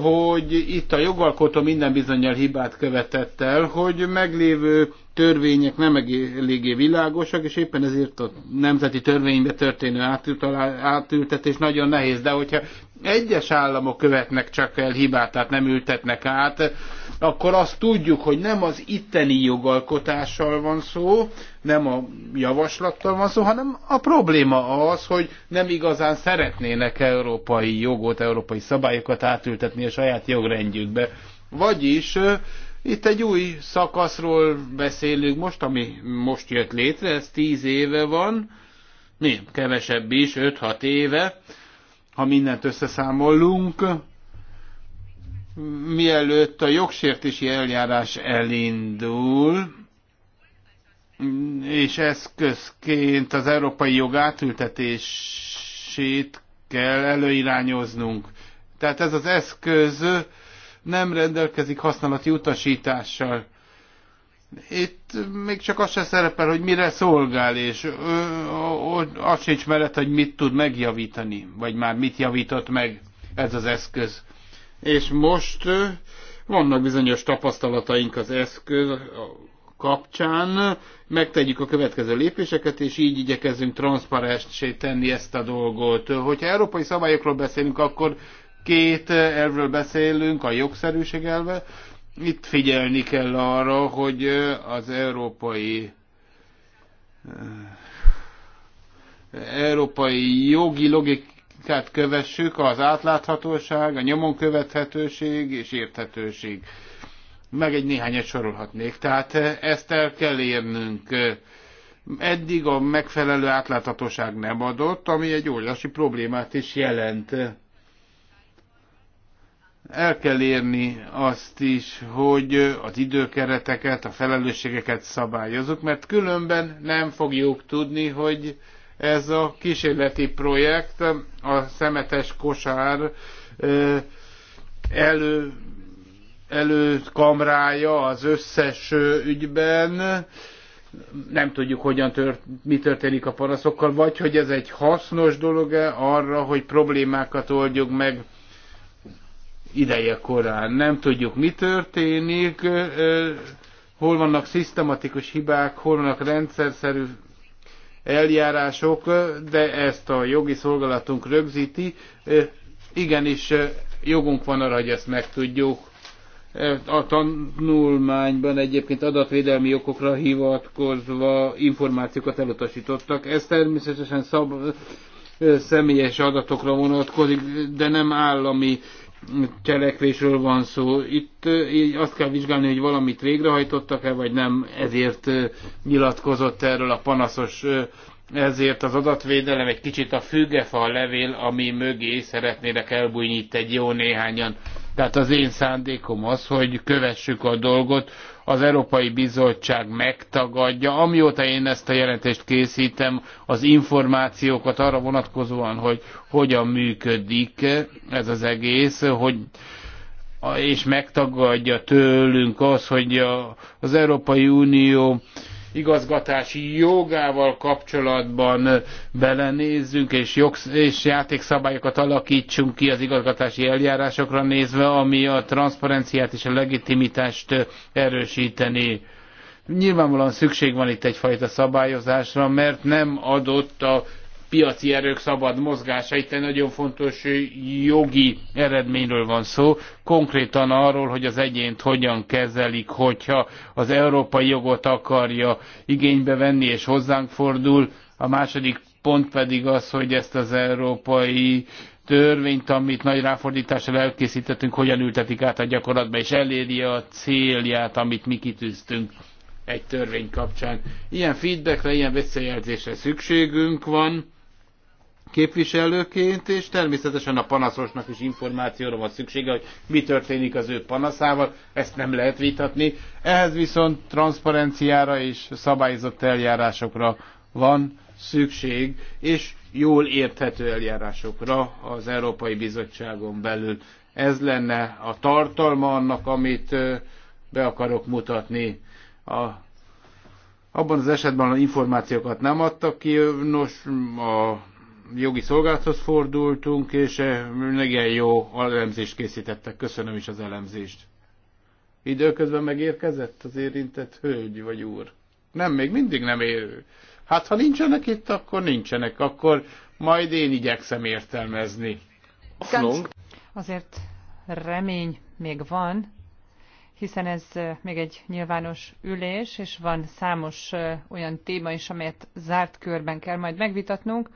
hogy itt a jogalkotó minden bizonyal hibát követett el, hogy meglévő törvények nem eléggé világosak, és éppen ezért a nemzeti törvénybe történő átültetés nagyon nehéz. De hogyha egyes államok követnek csak el hibát, tehát nem ültetnek át, akkor azt tudjuk, hogy nem az itteni jogalkotással van szó, nem a javaslattal van szó, hanem a probléma az, hogy nem igazán szeretnének európai jogot, európai szabályokat átültetni a saját jogrendjükbe. Vagyis itt egy új szakaszról beszélünk most, ami most jött létre, ez tíz éve van, mi, kevesebb is, 5-6 éve, ha mindent összeszámolunk, mielőtt a jogsértési eljárás elindul, és eszközként az európai jog átültetését kell előirányoznunk. Tehát ez az eszköz nem rendelkezik használati utasítással itt még csak az se szerepel, hogy mire szolgál, és az sincs mellett, hogy mit tud megjavítani, vagy már mit javított meg ez az eszköz. És most vannak bizonyos tapasztalataink az eszköz kapcsán, megtegyük a következő lépéseket, és így igyekezzünk transzparensé tenni ezt a dolgot. Hogyha európai szabályokról beszélünk, akkor két elvről beszélünk, a jogszerűség elve, itt figyelni kell arra, hogy az európai európai jogi logikát kövessük, az átláthatóság, a nyomon követhetőség és érthetőség. Meg egy néhányat sorolhatnék. Tehát ezt el kell érnünk. Eddig a megfelelő átláthatóság nem adott, ami egy óriási problémát is jelent el kell érni azt is, hogy az időkereteket, a felelősségeket szabályozunk, mert különben nem fogjuk tudni, hogy ez a kísérleti projekt, a szemetes kosár elő, előkamrája az összes ügyben, nem tudjuk, hogyan tört, mi történik a panaszokkal, vagy hogy ez egy hasznos dolog-e arra, hogy problémákat oldjuk meg, ideje korán. Nem tudjuk, mi történik, hol vannak szisztematikus hibák, hol vannak rendszerszerű eljárások, de ezt a jogi szolgálatunk rögzíti. Igenis, jogunk van arra, hogy ezt megtudjuk. A tanulmányban egyébként adatvédelmi okokra hivatkozva információkat elutasítottak. Ez természetesen szab, személyes adatokra vonatkozik, de nem állami cselekvésről van szó. Itt azt kell vizsgálni, hogy valamit végrehajtottak-e, vagy nem, ezért nyilatkozott erről a panaszos ezért az adatvédelem egy kicsit a fügefa a levél, ami mögé szeretnének elbújni itt egy jó néhányan. Tehát az én szándékom az, hogy kövessük a dolgot, az Európai Bizottság megtagadja. Amióta én ezt a jelentést készítem, az információkat arra vonatkozóan, hogy hogyan működik ez az egész, hogy és megtagadja tőlünk az, hogy az Európai Unió igazgatási jogával kapcsolatban belenézzünk, és, jogsz- és játékszabályokat alakítsunk ki az igazgatási eljárásokra nézve, ami a transzparenciát és a legitimitást erősíteni. Nyilvánvalóan szükség van itt egyfajta szabályozásra, mert nem adott a piaci erők szabad mozgása. Itt egy nagyon fontos jogi eredményről van szó, konkrétan arról, hogy az egyént hogyan kezelik, hogyha az európai jogot akarja igénybe venni és hozzánk fordul. A második pont pedig az, hogy ezt az európai törvényt, amit nagy ráfordítással elkészítettünk, hogyan ültetik át a gyakorlatba, és eléri a célját, amit mi kitűztünk egy törvény kapcsán. Ilyen feedbackre, ilyen visszajelzésre szükségünk van, képviselőként, és természetesen a panaszosnak is információra van szüksége, hogy mi történik az ő panaszával, ezt nem lehet vitatni. Ehhez viszont transzparenciára és szabályozott eljárásokra van szükség, és jól érthető eljárásokra az Európai Bizottságon belül. Ez lenne a tartalma annak, amit be akarok mutatni. A abban az esetben, ha információkat nem adtak ki, nos, a jogi szolgálathoz fordultunk, és nagyon eh, jó elemzést készítettek. Köszönöm is az elemzést. Időközben megérkezett az érintett hölgy vagy úr? Nem, még mindig nem ér. Hát ha nincsenek itt, akkor nincsenek, akkor majd én igyekszem értelmezni. Azért remény még van, hiszen ez eh, még egy nyilvános ülés, és van számos eh, olyan téma is, amelyet zárt körben kell majd megvitatnunk.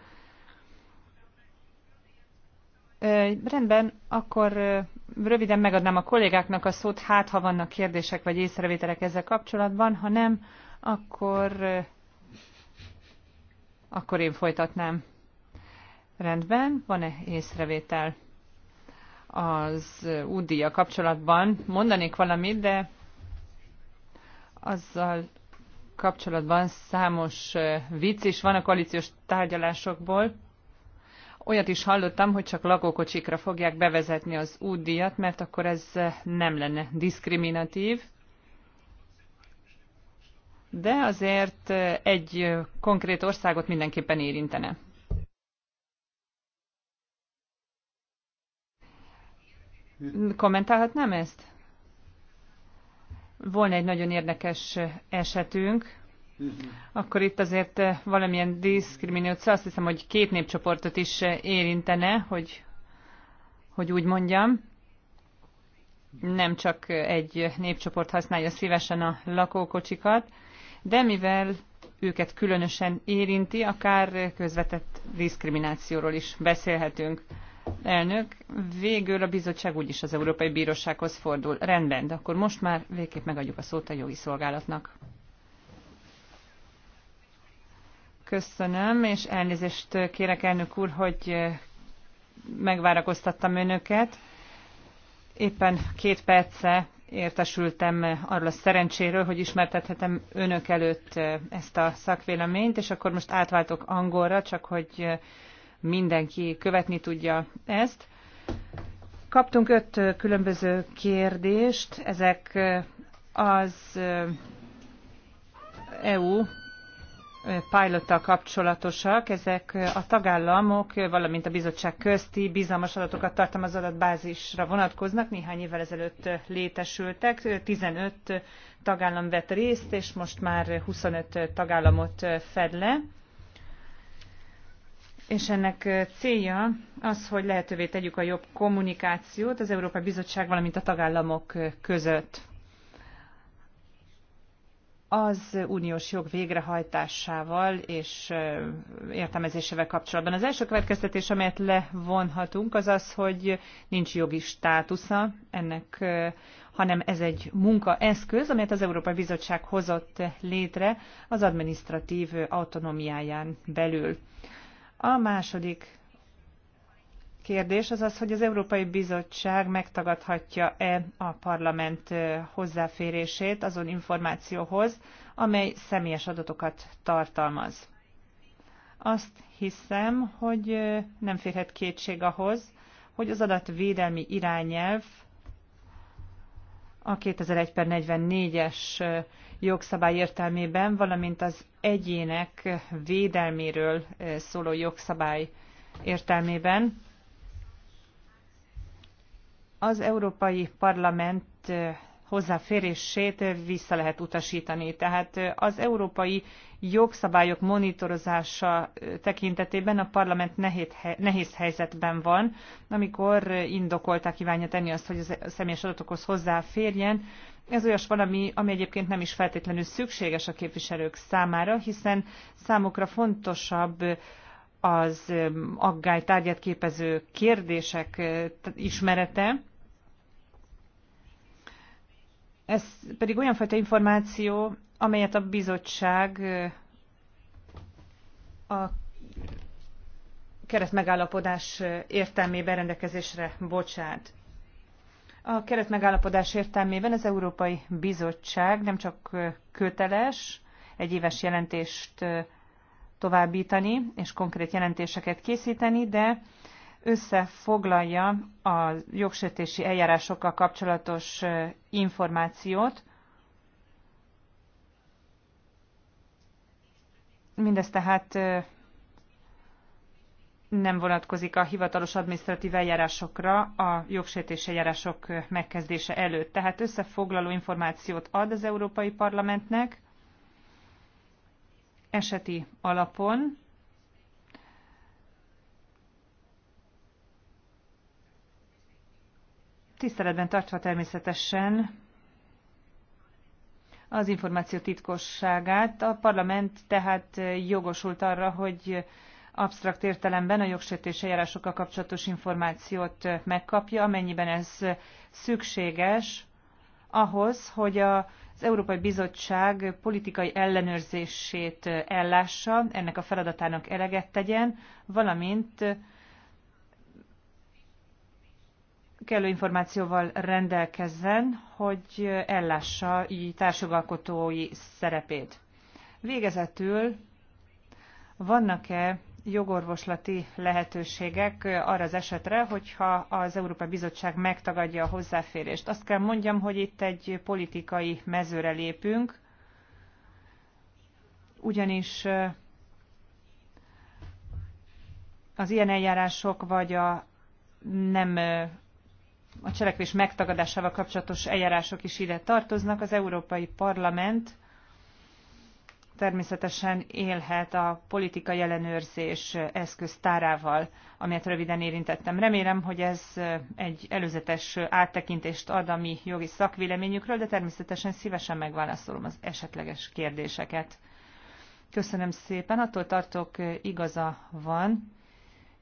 Rendben, akkor röviden megadnám a kollégáknak a szót, hát ha vannak kérdések vagy észrevételek ezzel kapcsolatban, ha nem, akkor, akkor én folytatnám. Rendben, van-e észrevétel az údíja kapcsolatban? Mondanék valamit, de azzal kapcsolatban számos vicc is van a koalíciós tárgyalásokból Olyat is hallottam, hogy csak lakókocsikra fogják bevezetni az útdíjat, mert akkor ez nem lenne diszkriminatív. De azért egy konkrét országot mindenképpen érintene. Kommentálhatnám ezt? Volna egy nagyon érdekes esetünk, akkor itt azért eh, valamilyen diszkrimináció, szóval azt hiszem, hogy két népcsoportot is eh, érintene, hogy, hogy úgy mondjam. Nem csak egy népcsoport használja szívesen a lakókocsikat, de mivel őket különösen érinti, akár közvetett diszkriminációról is beszélhetünk. Elnök, végül a bizottság úgyis az Európai Bírósághoz fordul. Rendben, de akkor most már végképp megadjuk a szót a jogi szolgálatnak. Köszönöm, és elnézést kérek elnök úr, hogy eh, megvárakoztattam önöket. Éppen két perce értesültem arról a szerencséről, hogy ismertethetem önök előtt eh, ezt a szakvéleményt, és akkor most átváltok angolra, csak hogy eh, mindenki követni tudja ezt. Kaptunk öt különböző kérdést, ezek az EU e pilottal kapcsolatosak. Ezek a tagállamok, valamint a bizottság közti bizalmas adatokat tartalmaz adatbázisra vonatkoznak. Néhány évvel ezelőtt létesültek, 15 tagállam vett részt, és most már 25 tagállamot fed le. És ennek célja az, hogy lehetővé tegyük a jobb kommunikációt az Európai Bizottság, valamint a tagállamok között az uniós jog végrehajtásával és értelmezésével kapcsolatban. Az első következtetés, amelyet levonhatunk, az az, hogy nincs jogi státusza ennek, hanem ez egy munkaeszköz, amelyet az Európai Bizottság hozott létre az administratív autonómiáján belül. A második kérdés az az, hogy az Európai Bizottság megtagadhatja-e a parlament hozzáférését azon információhoz, amely személyes adatokat tartalmaz. Azt hiszem, hogy nem férhet kétség ahhoz, hogy az adatvédelmi irányelv a 2001 per 44-es jogszabály értelmében, valamint az egyének védelméről szóló jogszabály értelmében az Európai Parlament hozzáférését vissza lehet utasítani. Tehát az európai jogszabályok monitorozása tekintetében a parlament nehéz helyzetben van, amikor indokolták kívánja tenni azt, hogy a e-, személyes adatokhoz hozzáférjen. Ez olyas valami, ami egyébként nem is feltétlenül szükséges a képviselők számára, hiszen számukra fontosabb az um, aggály tárgyát képező kérdések uh, ismerete, ez pedig olyan fajta információ, amelyet a bizottság uh, a keretmegállapodás uh, értelmében rendelkezésre bocsát. A keretmegállapodás értelmében az Európai Bizottság nem csak köteles egy éves jelentést továbbítani és konkrét jelentéseket készíteni, de összefoglalja a jogsértési eljárásokkal kapcsolatos információt. Mindez tehát nem vonatkozik a hivatalos adminisztratív eljárásokra a jogsértési eljárások megkezdése előtt. Tehát összefoglaló információt ad az Európai Parlamentnek, eseti alapon tiszteletben tartva természetesen az információ titkosságát. A parlament tehát jogosult arra, hogy absztrakt értelemben a jogsértés eljárásokkal kapcsolatos információt megkapja, amennyiben ez szükséges ahhoz, hogy a az Európai Bizottság politikai ellenőrzését ellássa, ennek a feladatának eleget tegyen, valamint kellő információval rendelkezzen, hogy ellássa így társjogalkotói szerepét. Végezetül vannak-e jogorvoslati lehetőségek arra az esetre, hogyha az Európai Bizottság megtagadja a hozzáférést. Azt kell mondjam, hogy itt egy politikai mezőre lépünk, ugyanis az ilyen eljárások vagy a nem a cselekvés megtagadásával kapcsolatos eljárások is ide tartoznak. Az Európai Parlament természetesen élhet a politikai ellenőrzés eszköztárával, amelyet röviden érintettem. Remélem, hogy ez egy előzetes áttekintést ad a mi jogi szakvéleményükről, de természetesen szívesen megválaszolom az esetleges kérdéseket. Köszönöm szépen, attól tartok igaza van.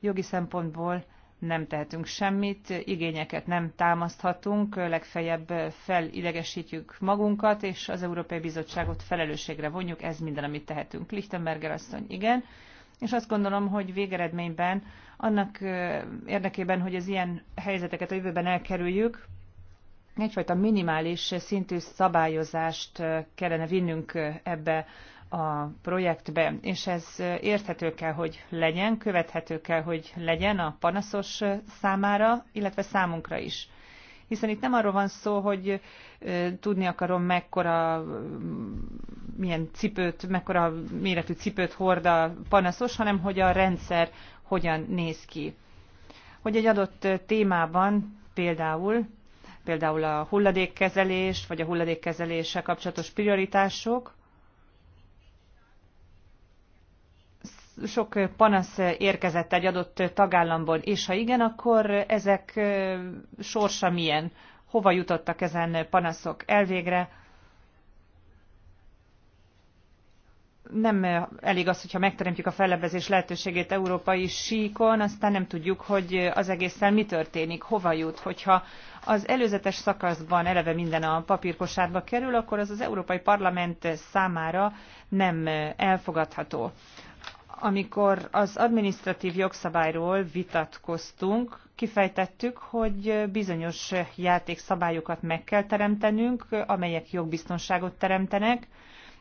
Jogi szempontból nem tehetünk semmit, igényeket nem támaszthatunk, legfeljebb felidegesítjük magunkat, és az Európai Bizottságot felelősségre vonjuk, ez minden, amit tehetünk. Lichtenberger asszony, igen. És azt gondolom, hogy végeredményben annak érdekében, hogy az ilyen helyzeteket a jövőben elkerüljük, egyfajta minimális szintű szabályozást kellene vinnünk ebbe a projektbe, és ez érthető kell, hogy legyen, követhető kell, hogy legyen a panaszos számára, illetve számunkra is. Hiszen itt nem arról van szó, hogy tudni akarom, mekkora, milyen cipőt, mekkora méretű cipőt hord a panaszos, hanem hogy a rendszer hogyan néz ki. Hogy egy adott témában például például a hulladékkezelés, vagy a hulladékkezeléssel kapcsolatos prioritások, sok panasz érkezett egy adott tagállamból, és ha igen, akkor ezek sorsa milyen? Hova jutottak ezen panaszok? Elvégre nem elég az, hogyha megteremtjük a fellebezés lehetőségét európai síkon, aztán nem tudjuk, hogy az egésszel mi történik, hova jut. Hogyha az előzetes szakaszban eleve minden a papírkosárba kerül, akkor az az Európai Parlament számára nem elfogadható amikor az administratív jogszabályról vitatkoztunk, kifejtettük, hogy bizonyos játékszabályokat meg kell teremtenünk, amelyek jogbiztonságot teremtenek,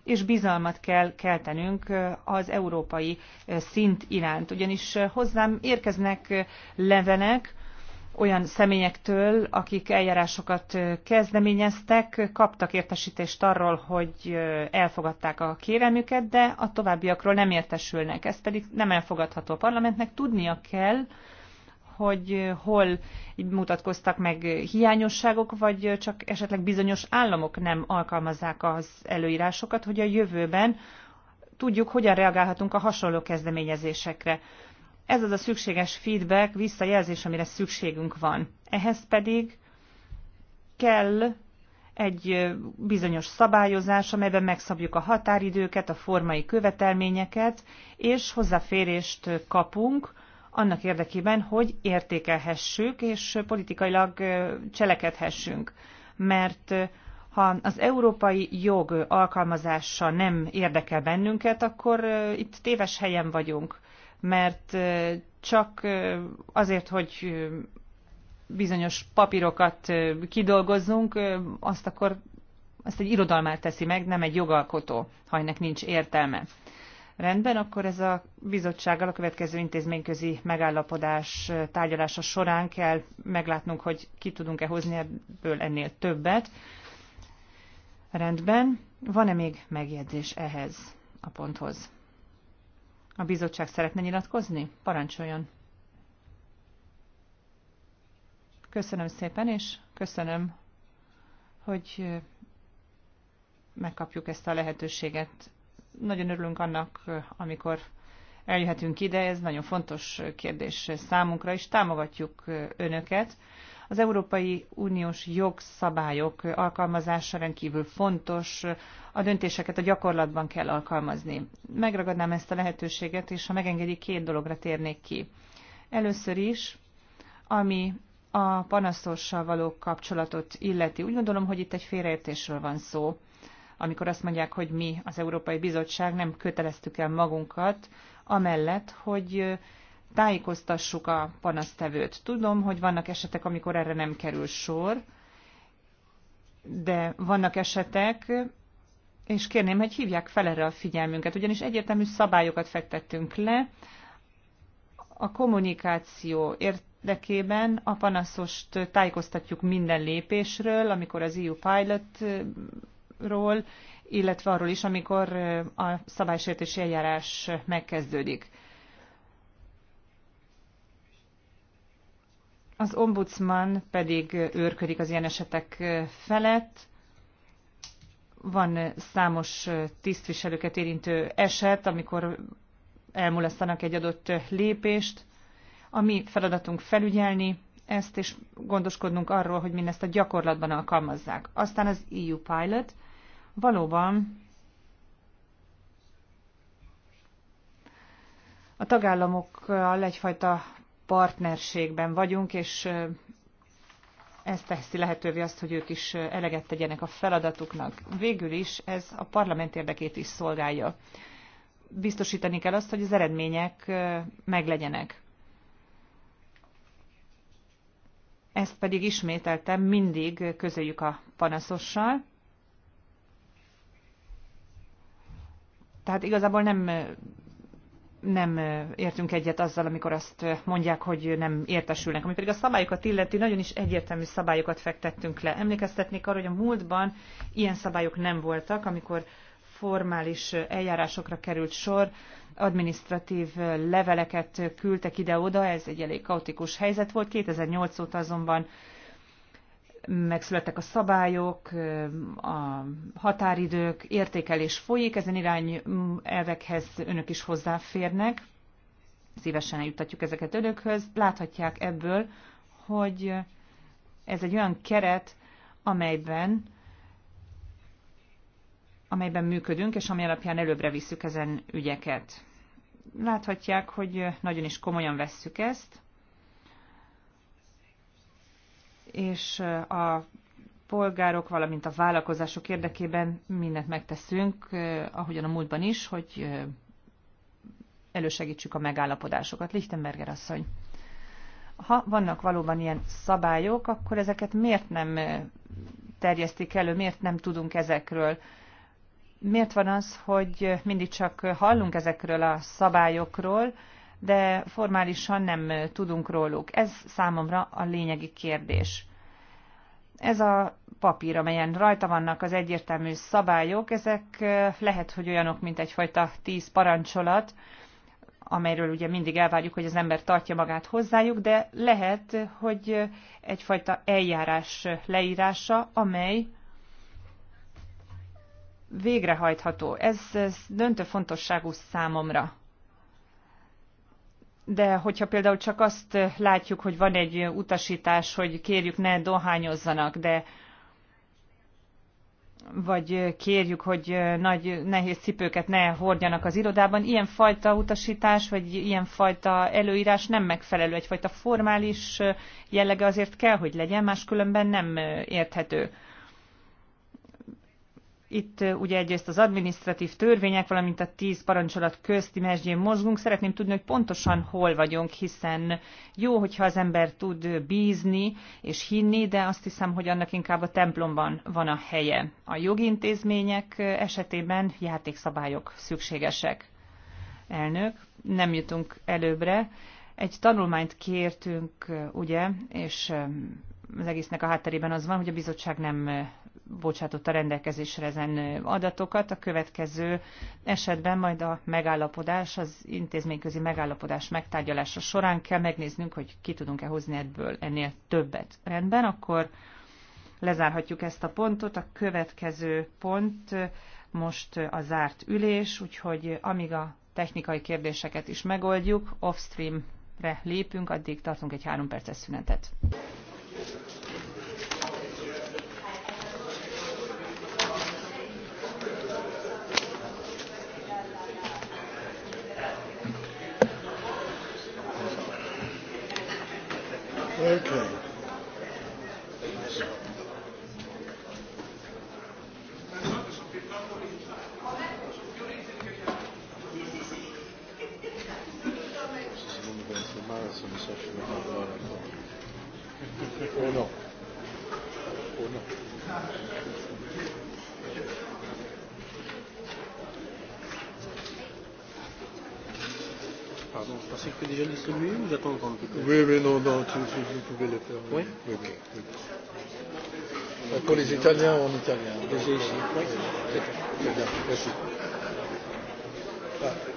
és bizalmat kell keltenünk az európai szint iránt. Ugyanis hozzám érkeznek levelek, olyan személyektől, akik eljárásokat kezdeményeztek, kaptak értesítést arról, hogy elfogadták a kérelmüket, de a továbbiakról nem értesülnek. Ez pedig nem elfogadható a parlamentnek. Tudnia kell, hogy hol mutatkoztak meg hiányosságok, vagy csak esetleg bizonyos államok nem alkalmazzák az előírásokat, hogy a jövőben tudjuk, hogyan reagálhatunk a hasonló kezdeményezésekre. Ez az a szükséges feedback, visszajelzés, amire szükségünk van. Ehhez pedig kell egy bizonyos szabályozás, amelyben megszabjuk a határidőket, a formai követelményeket, és hozzáférést kapunk annak érdekében, hogy értékelhessük, és politikailag cselekedhessünk. Mert ha az európai jog alkalmazása nem érdekel bennünket, akkor itt téves helyen vagyunk mert csak azért, hogy bizonyos papírokat kidolgozzunk, azt akkor ezt egy irodalmár teszi meg, nem egy jogalkotó, ha ennek nincs értelme. Rendben, akkor ez a bizottsággal a következő intézményközi megállapodás tárgyalása során kell meglátnunk, hogy ki tudunk-e hozni ebből ennél többet. Rendben, van-e még megjegyzés ehhez a ponthoz? A bizottság szeretne nyilatkozni? Parancsoljon! Köszönöm szépen, és köszönöm, hogy megkapjuk ezt a lehetőséget. Nagyon örülünk annak, amikor eljöhetünk ide, ez nagyon fontos kérdés számunkra, és támogatjuk önöket az Európai Uniós jogszabályok alkalmazása rendkívül fontos, a döntéseket a gyakorlatban kell alkalmazni. Megragadnám ezt a lehetőséget, és ha megengedi, két dologra térnék ki. Először is, ami a panaszossal való kapcsolatot illeti. Úgy gondolom, hogy itt egy félreértésről van szó amikor azt mondják, hogy mi, az Európai Bizottság nem köteleztük el magunkat, amellett, hogy tájékoztassuk a panasztevőt. Tudom, hogy vannak esetek, amikor erre nem kerül sor, de vannak esetek, és kérném, hogy hívják fel erre a figyelmünket, ugyanis egyértelmű szabályokat fektettünk le a kommunikáció érdekében, a panaszost tájékoztatjuk minden lépésről, amikor az EU pilotról, illetve arról is, amikor a szabálysértési eljárás megkezdődik. Az ombudsman pedig őrködik az ilyen esetek felett. Van számos tisztviselőket érintő eset, amikor elmulasztanak egy adott lépést. A mi feladatunk felügyelni ezt, és gondoskodnunk arról, hogy mindezt a gyakorlatban alkalmazzák. Aztán az EU Pilot valóban a tagállamokkal egyfajta partnerségben vagyunk, és ez teszi lehetővé azt, hogy ők is eleget tegyenek a feladatuknak. Végül is ez a parlament érdekét is szolgálja. Biztosítani kell azt, hogy az eredmények meglegyenek. Ezt pedig ismételtem mindig közöljük a panaszossal. Tehát igazából nem nem értünk egyet azzal, amikor azt mondják, hogy nem értesülnek. Ami pedig a szabályokat illeti, nagyon is egyértelmű szabályokat fektettünk le. Emlékeztetnék arra, hogy a múltban ilyen szabályok nem voltak, amikor formális eljárásokra került sor, administratív leveleket küldtek ide-oda, ez egy elég kaotikus helyzet volt. 2008 óta azonban megszülettek a szabályok, a határidők, értékelés folyik, ezen irány elvekhez önök is hozzáférnek. Szívesen eljuttatjuk ezeket önökhöz. Láthatják ebből, hogy ez egy olyan keret, amelyben amelyben működünk, és ami alapján előbbre visszük ezen ügyeket. Láthatják, hogy nagyon is komolyan vesszük ezt, és a polgárok, valamint a vállalkozások érdekében mindent megteszünk, ahogyan a múltban is, hogy elősegítsük a megállapodásokat. Lichtenberger asszony, ha vannak valóban ilyen szabályok, akkor ezeket miért nem terjesztik elő, miért nem tudunk ezekről? Miért van az, hogy mindig csak hallunk ezekről a szabályokról, de formálisan nem tudunk róluk. Ez számomra a lényegi kérdés. Ez a papír, amelyen rajta vannak az egyértelmű szabályok, ezek lehet, hogy olyanok, mint egyfajta tíz parancsolat, amelyről ugye mindig elvárjuk, hogy az ember tartja magát hozzájuk, de lehet, hogy egyfajta eljárás leírása, amely végrehajtható. Ez, ez döntő fontosságú számomra de hogyha például csak azt látjuk, hogy van egy utasítás, hogy kérjük ne dohányozzanak, de vagy kérjük, hogy nagy nehéz cipőket ne hordjanak az irodában, ilyen fajta utasítás, vagy ilyen fajta előírás nem megfelelő. Egyfajta formális jellege azért kell, hogy legyen, máskülönben nem érthető. Itt ugye egyrészt az adminisztratív törvények, valamint a tíz parancsolat közti mesdjén mozgunk. Szeretném tudni, hogy pontosan hol vagyunk, hiszen jó, hogyha az ember tud bízni és hinni, de azt hiszem, hogy annak inkább a templomban van a helye. A jogintézmények esetében játékszabályok szükségesek. Elnök, nem jutunk előbbre. Egy tanulmányt kértünk, ugye, és az egésznek a hátterében az van, hogy a bizottság nem Bocsátott a rendelkezésre ezen adatokat. A következő esetben majd a megállapodás, az intézményközi megállapodás megtárgyalása során kell megnéznünk, hogy ki tudunk-e hozni ebből ennél többet. Rendben, akkor lezárhatjuk ezt a pontot. A következő pont most a zárt ülés, úgyhogy amíg a technikai kérdéseket is megoldjuk, offstreamre lépünk, addig tartunk egy három perces szünetet. Okay. Oui Oui, oui. oui. Pour les Italiens ou en italien Déjà ici. Oui. Très bien, merci. Ah.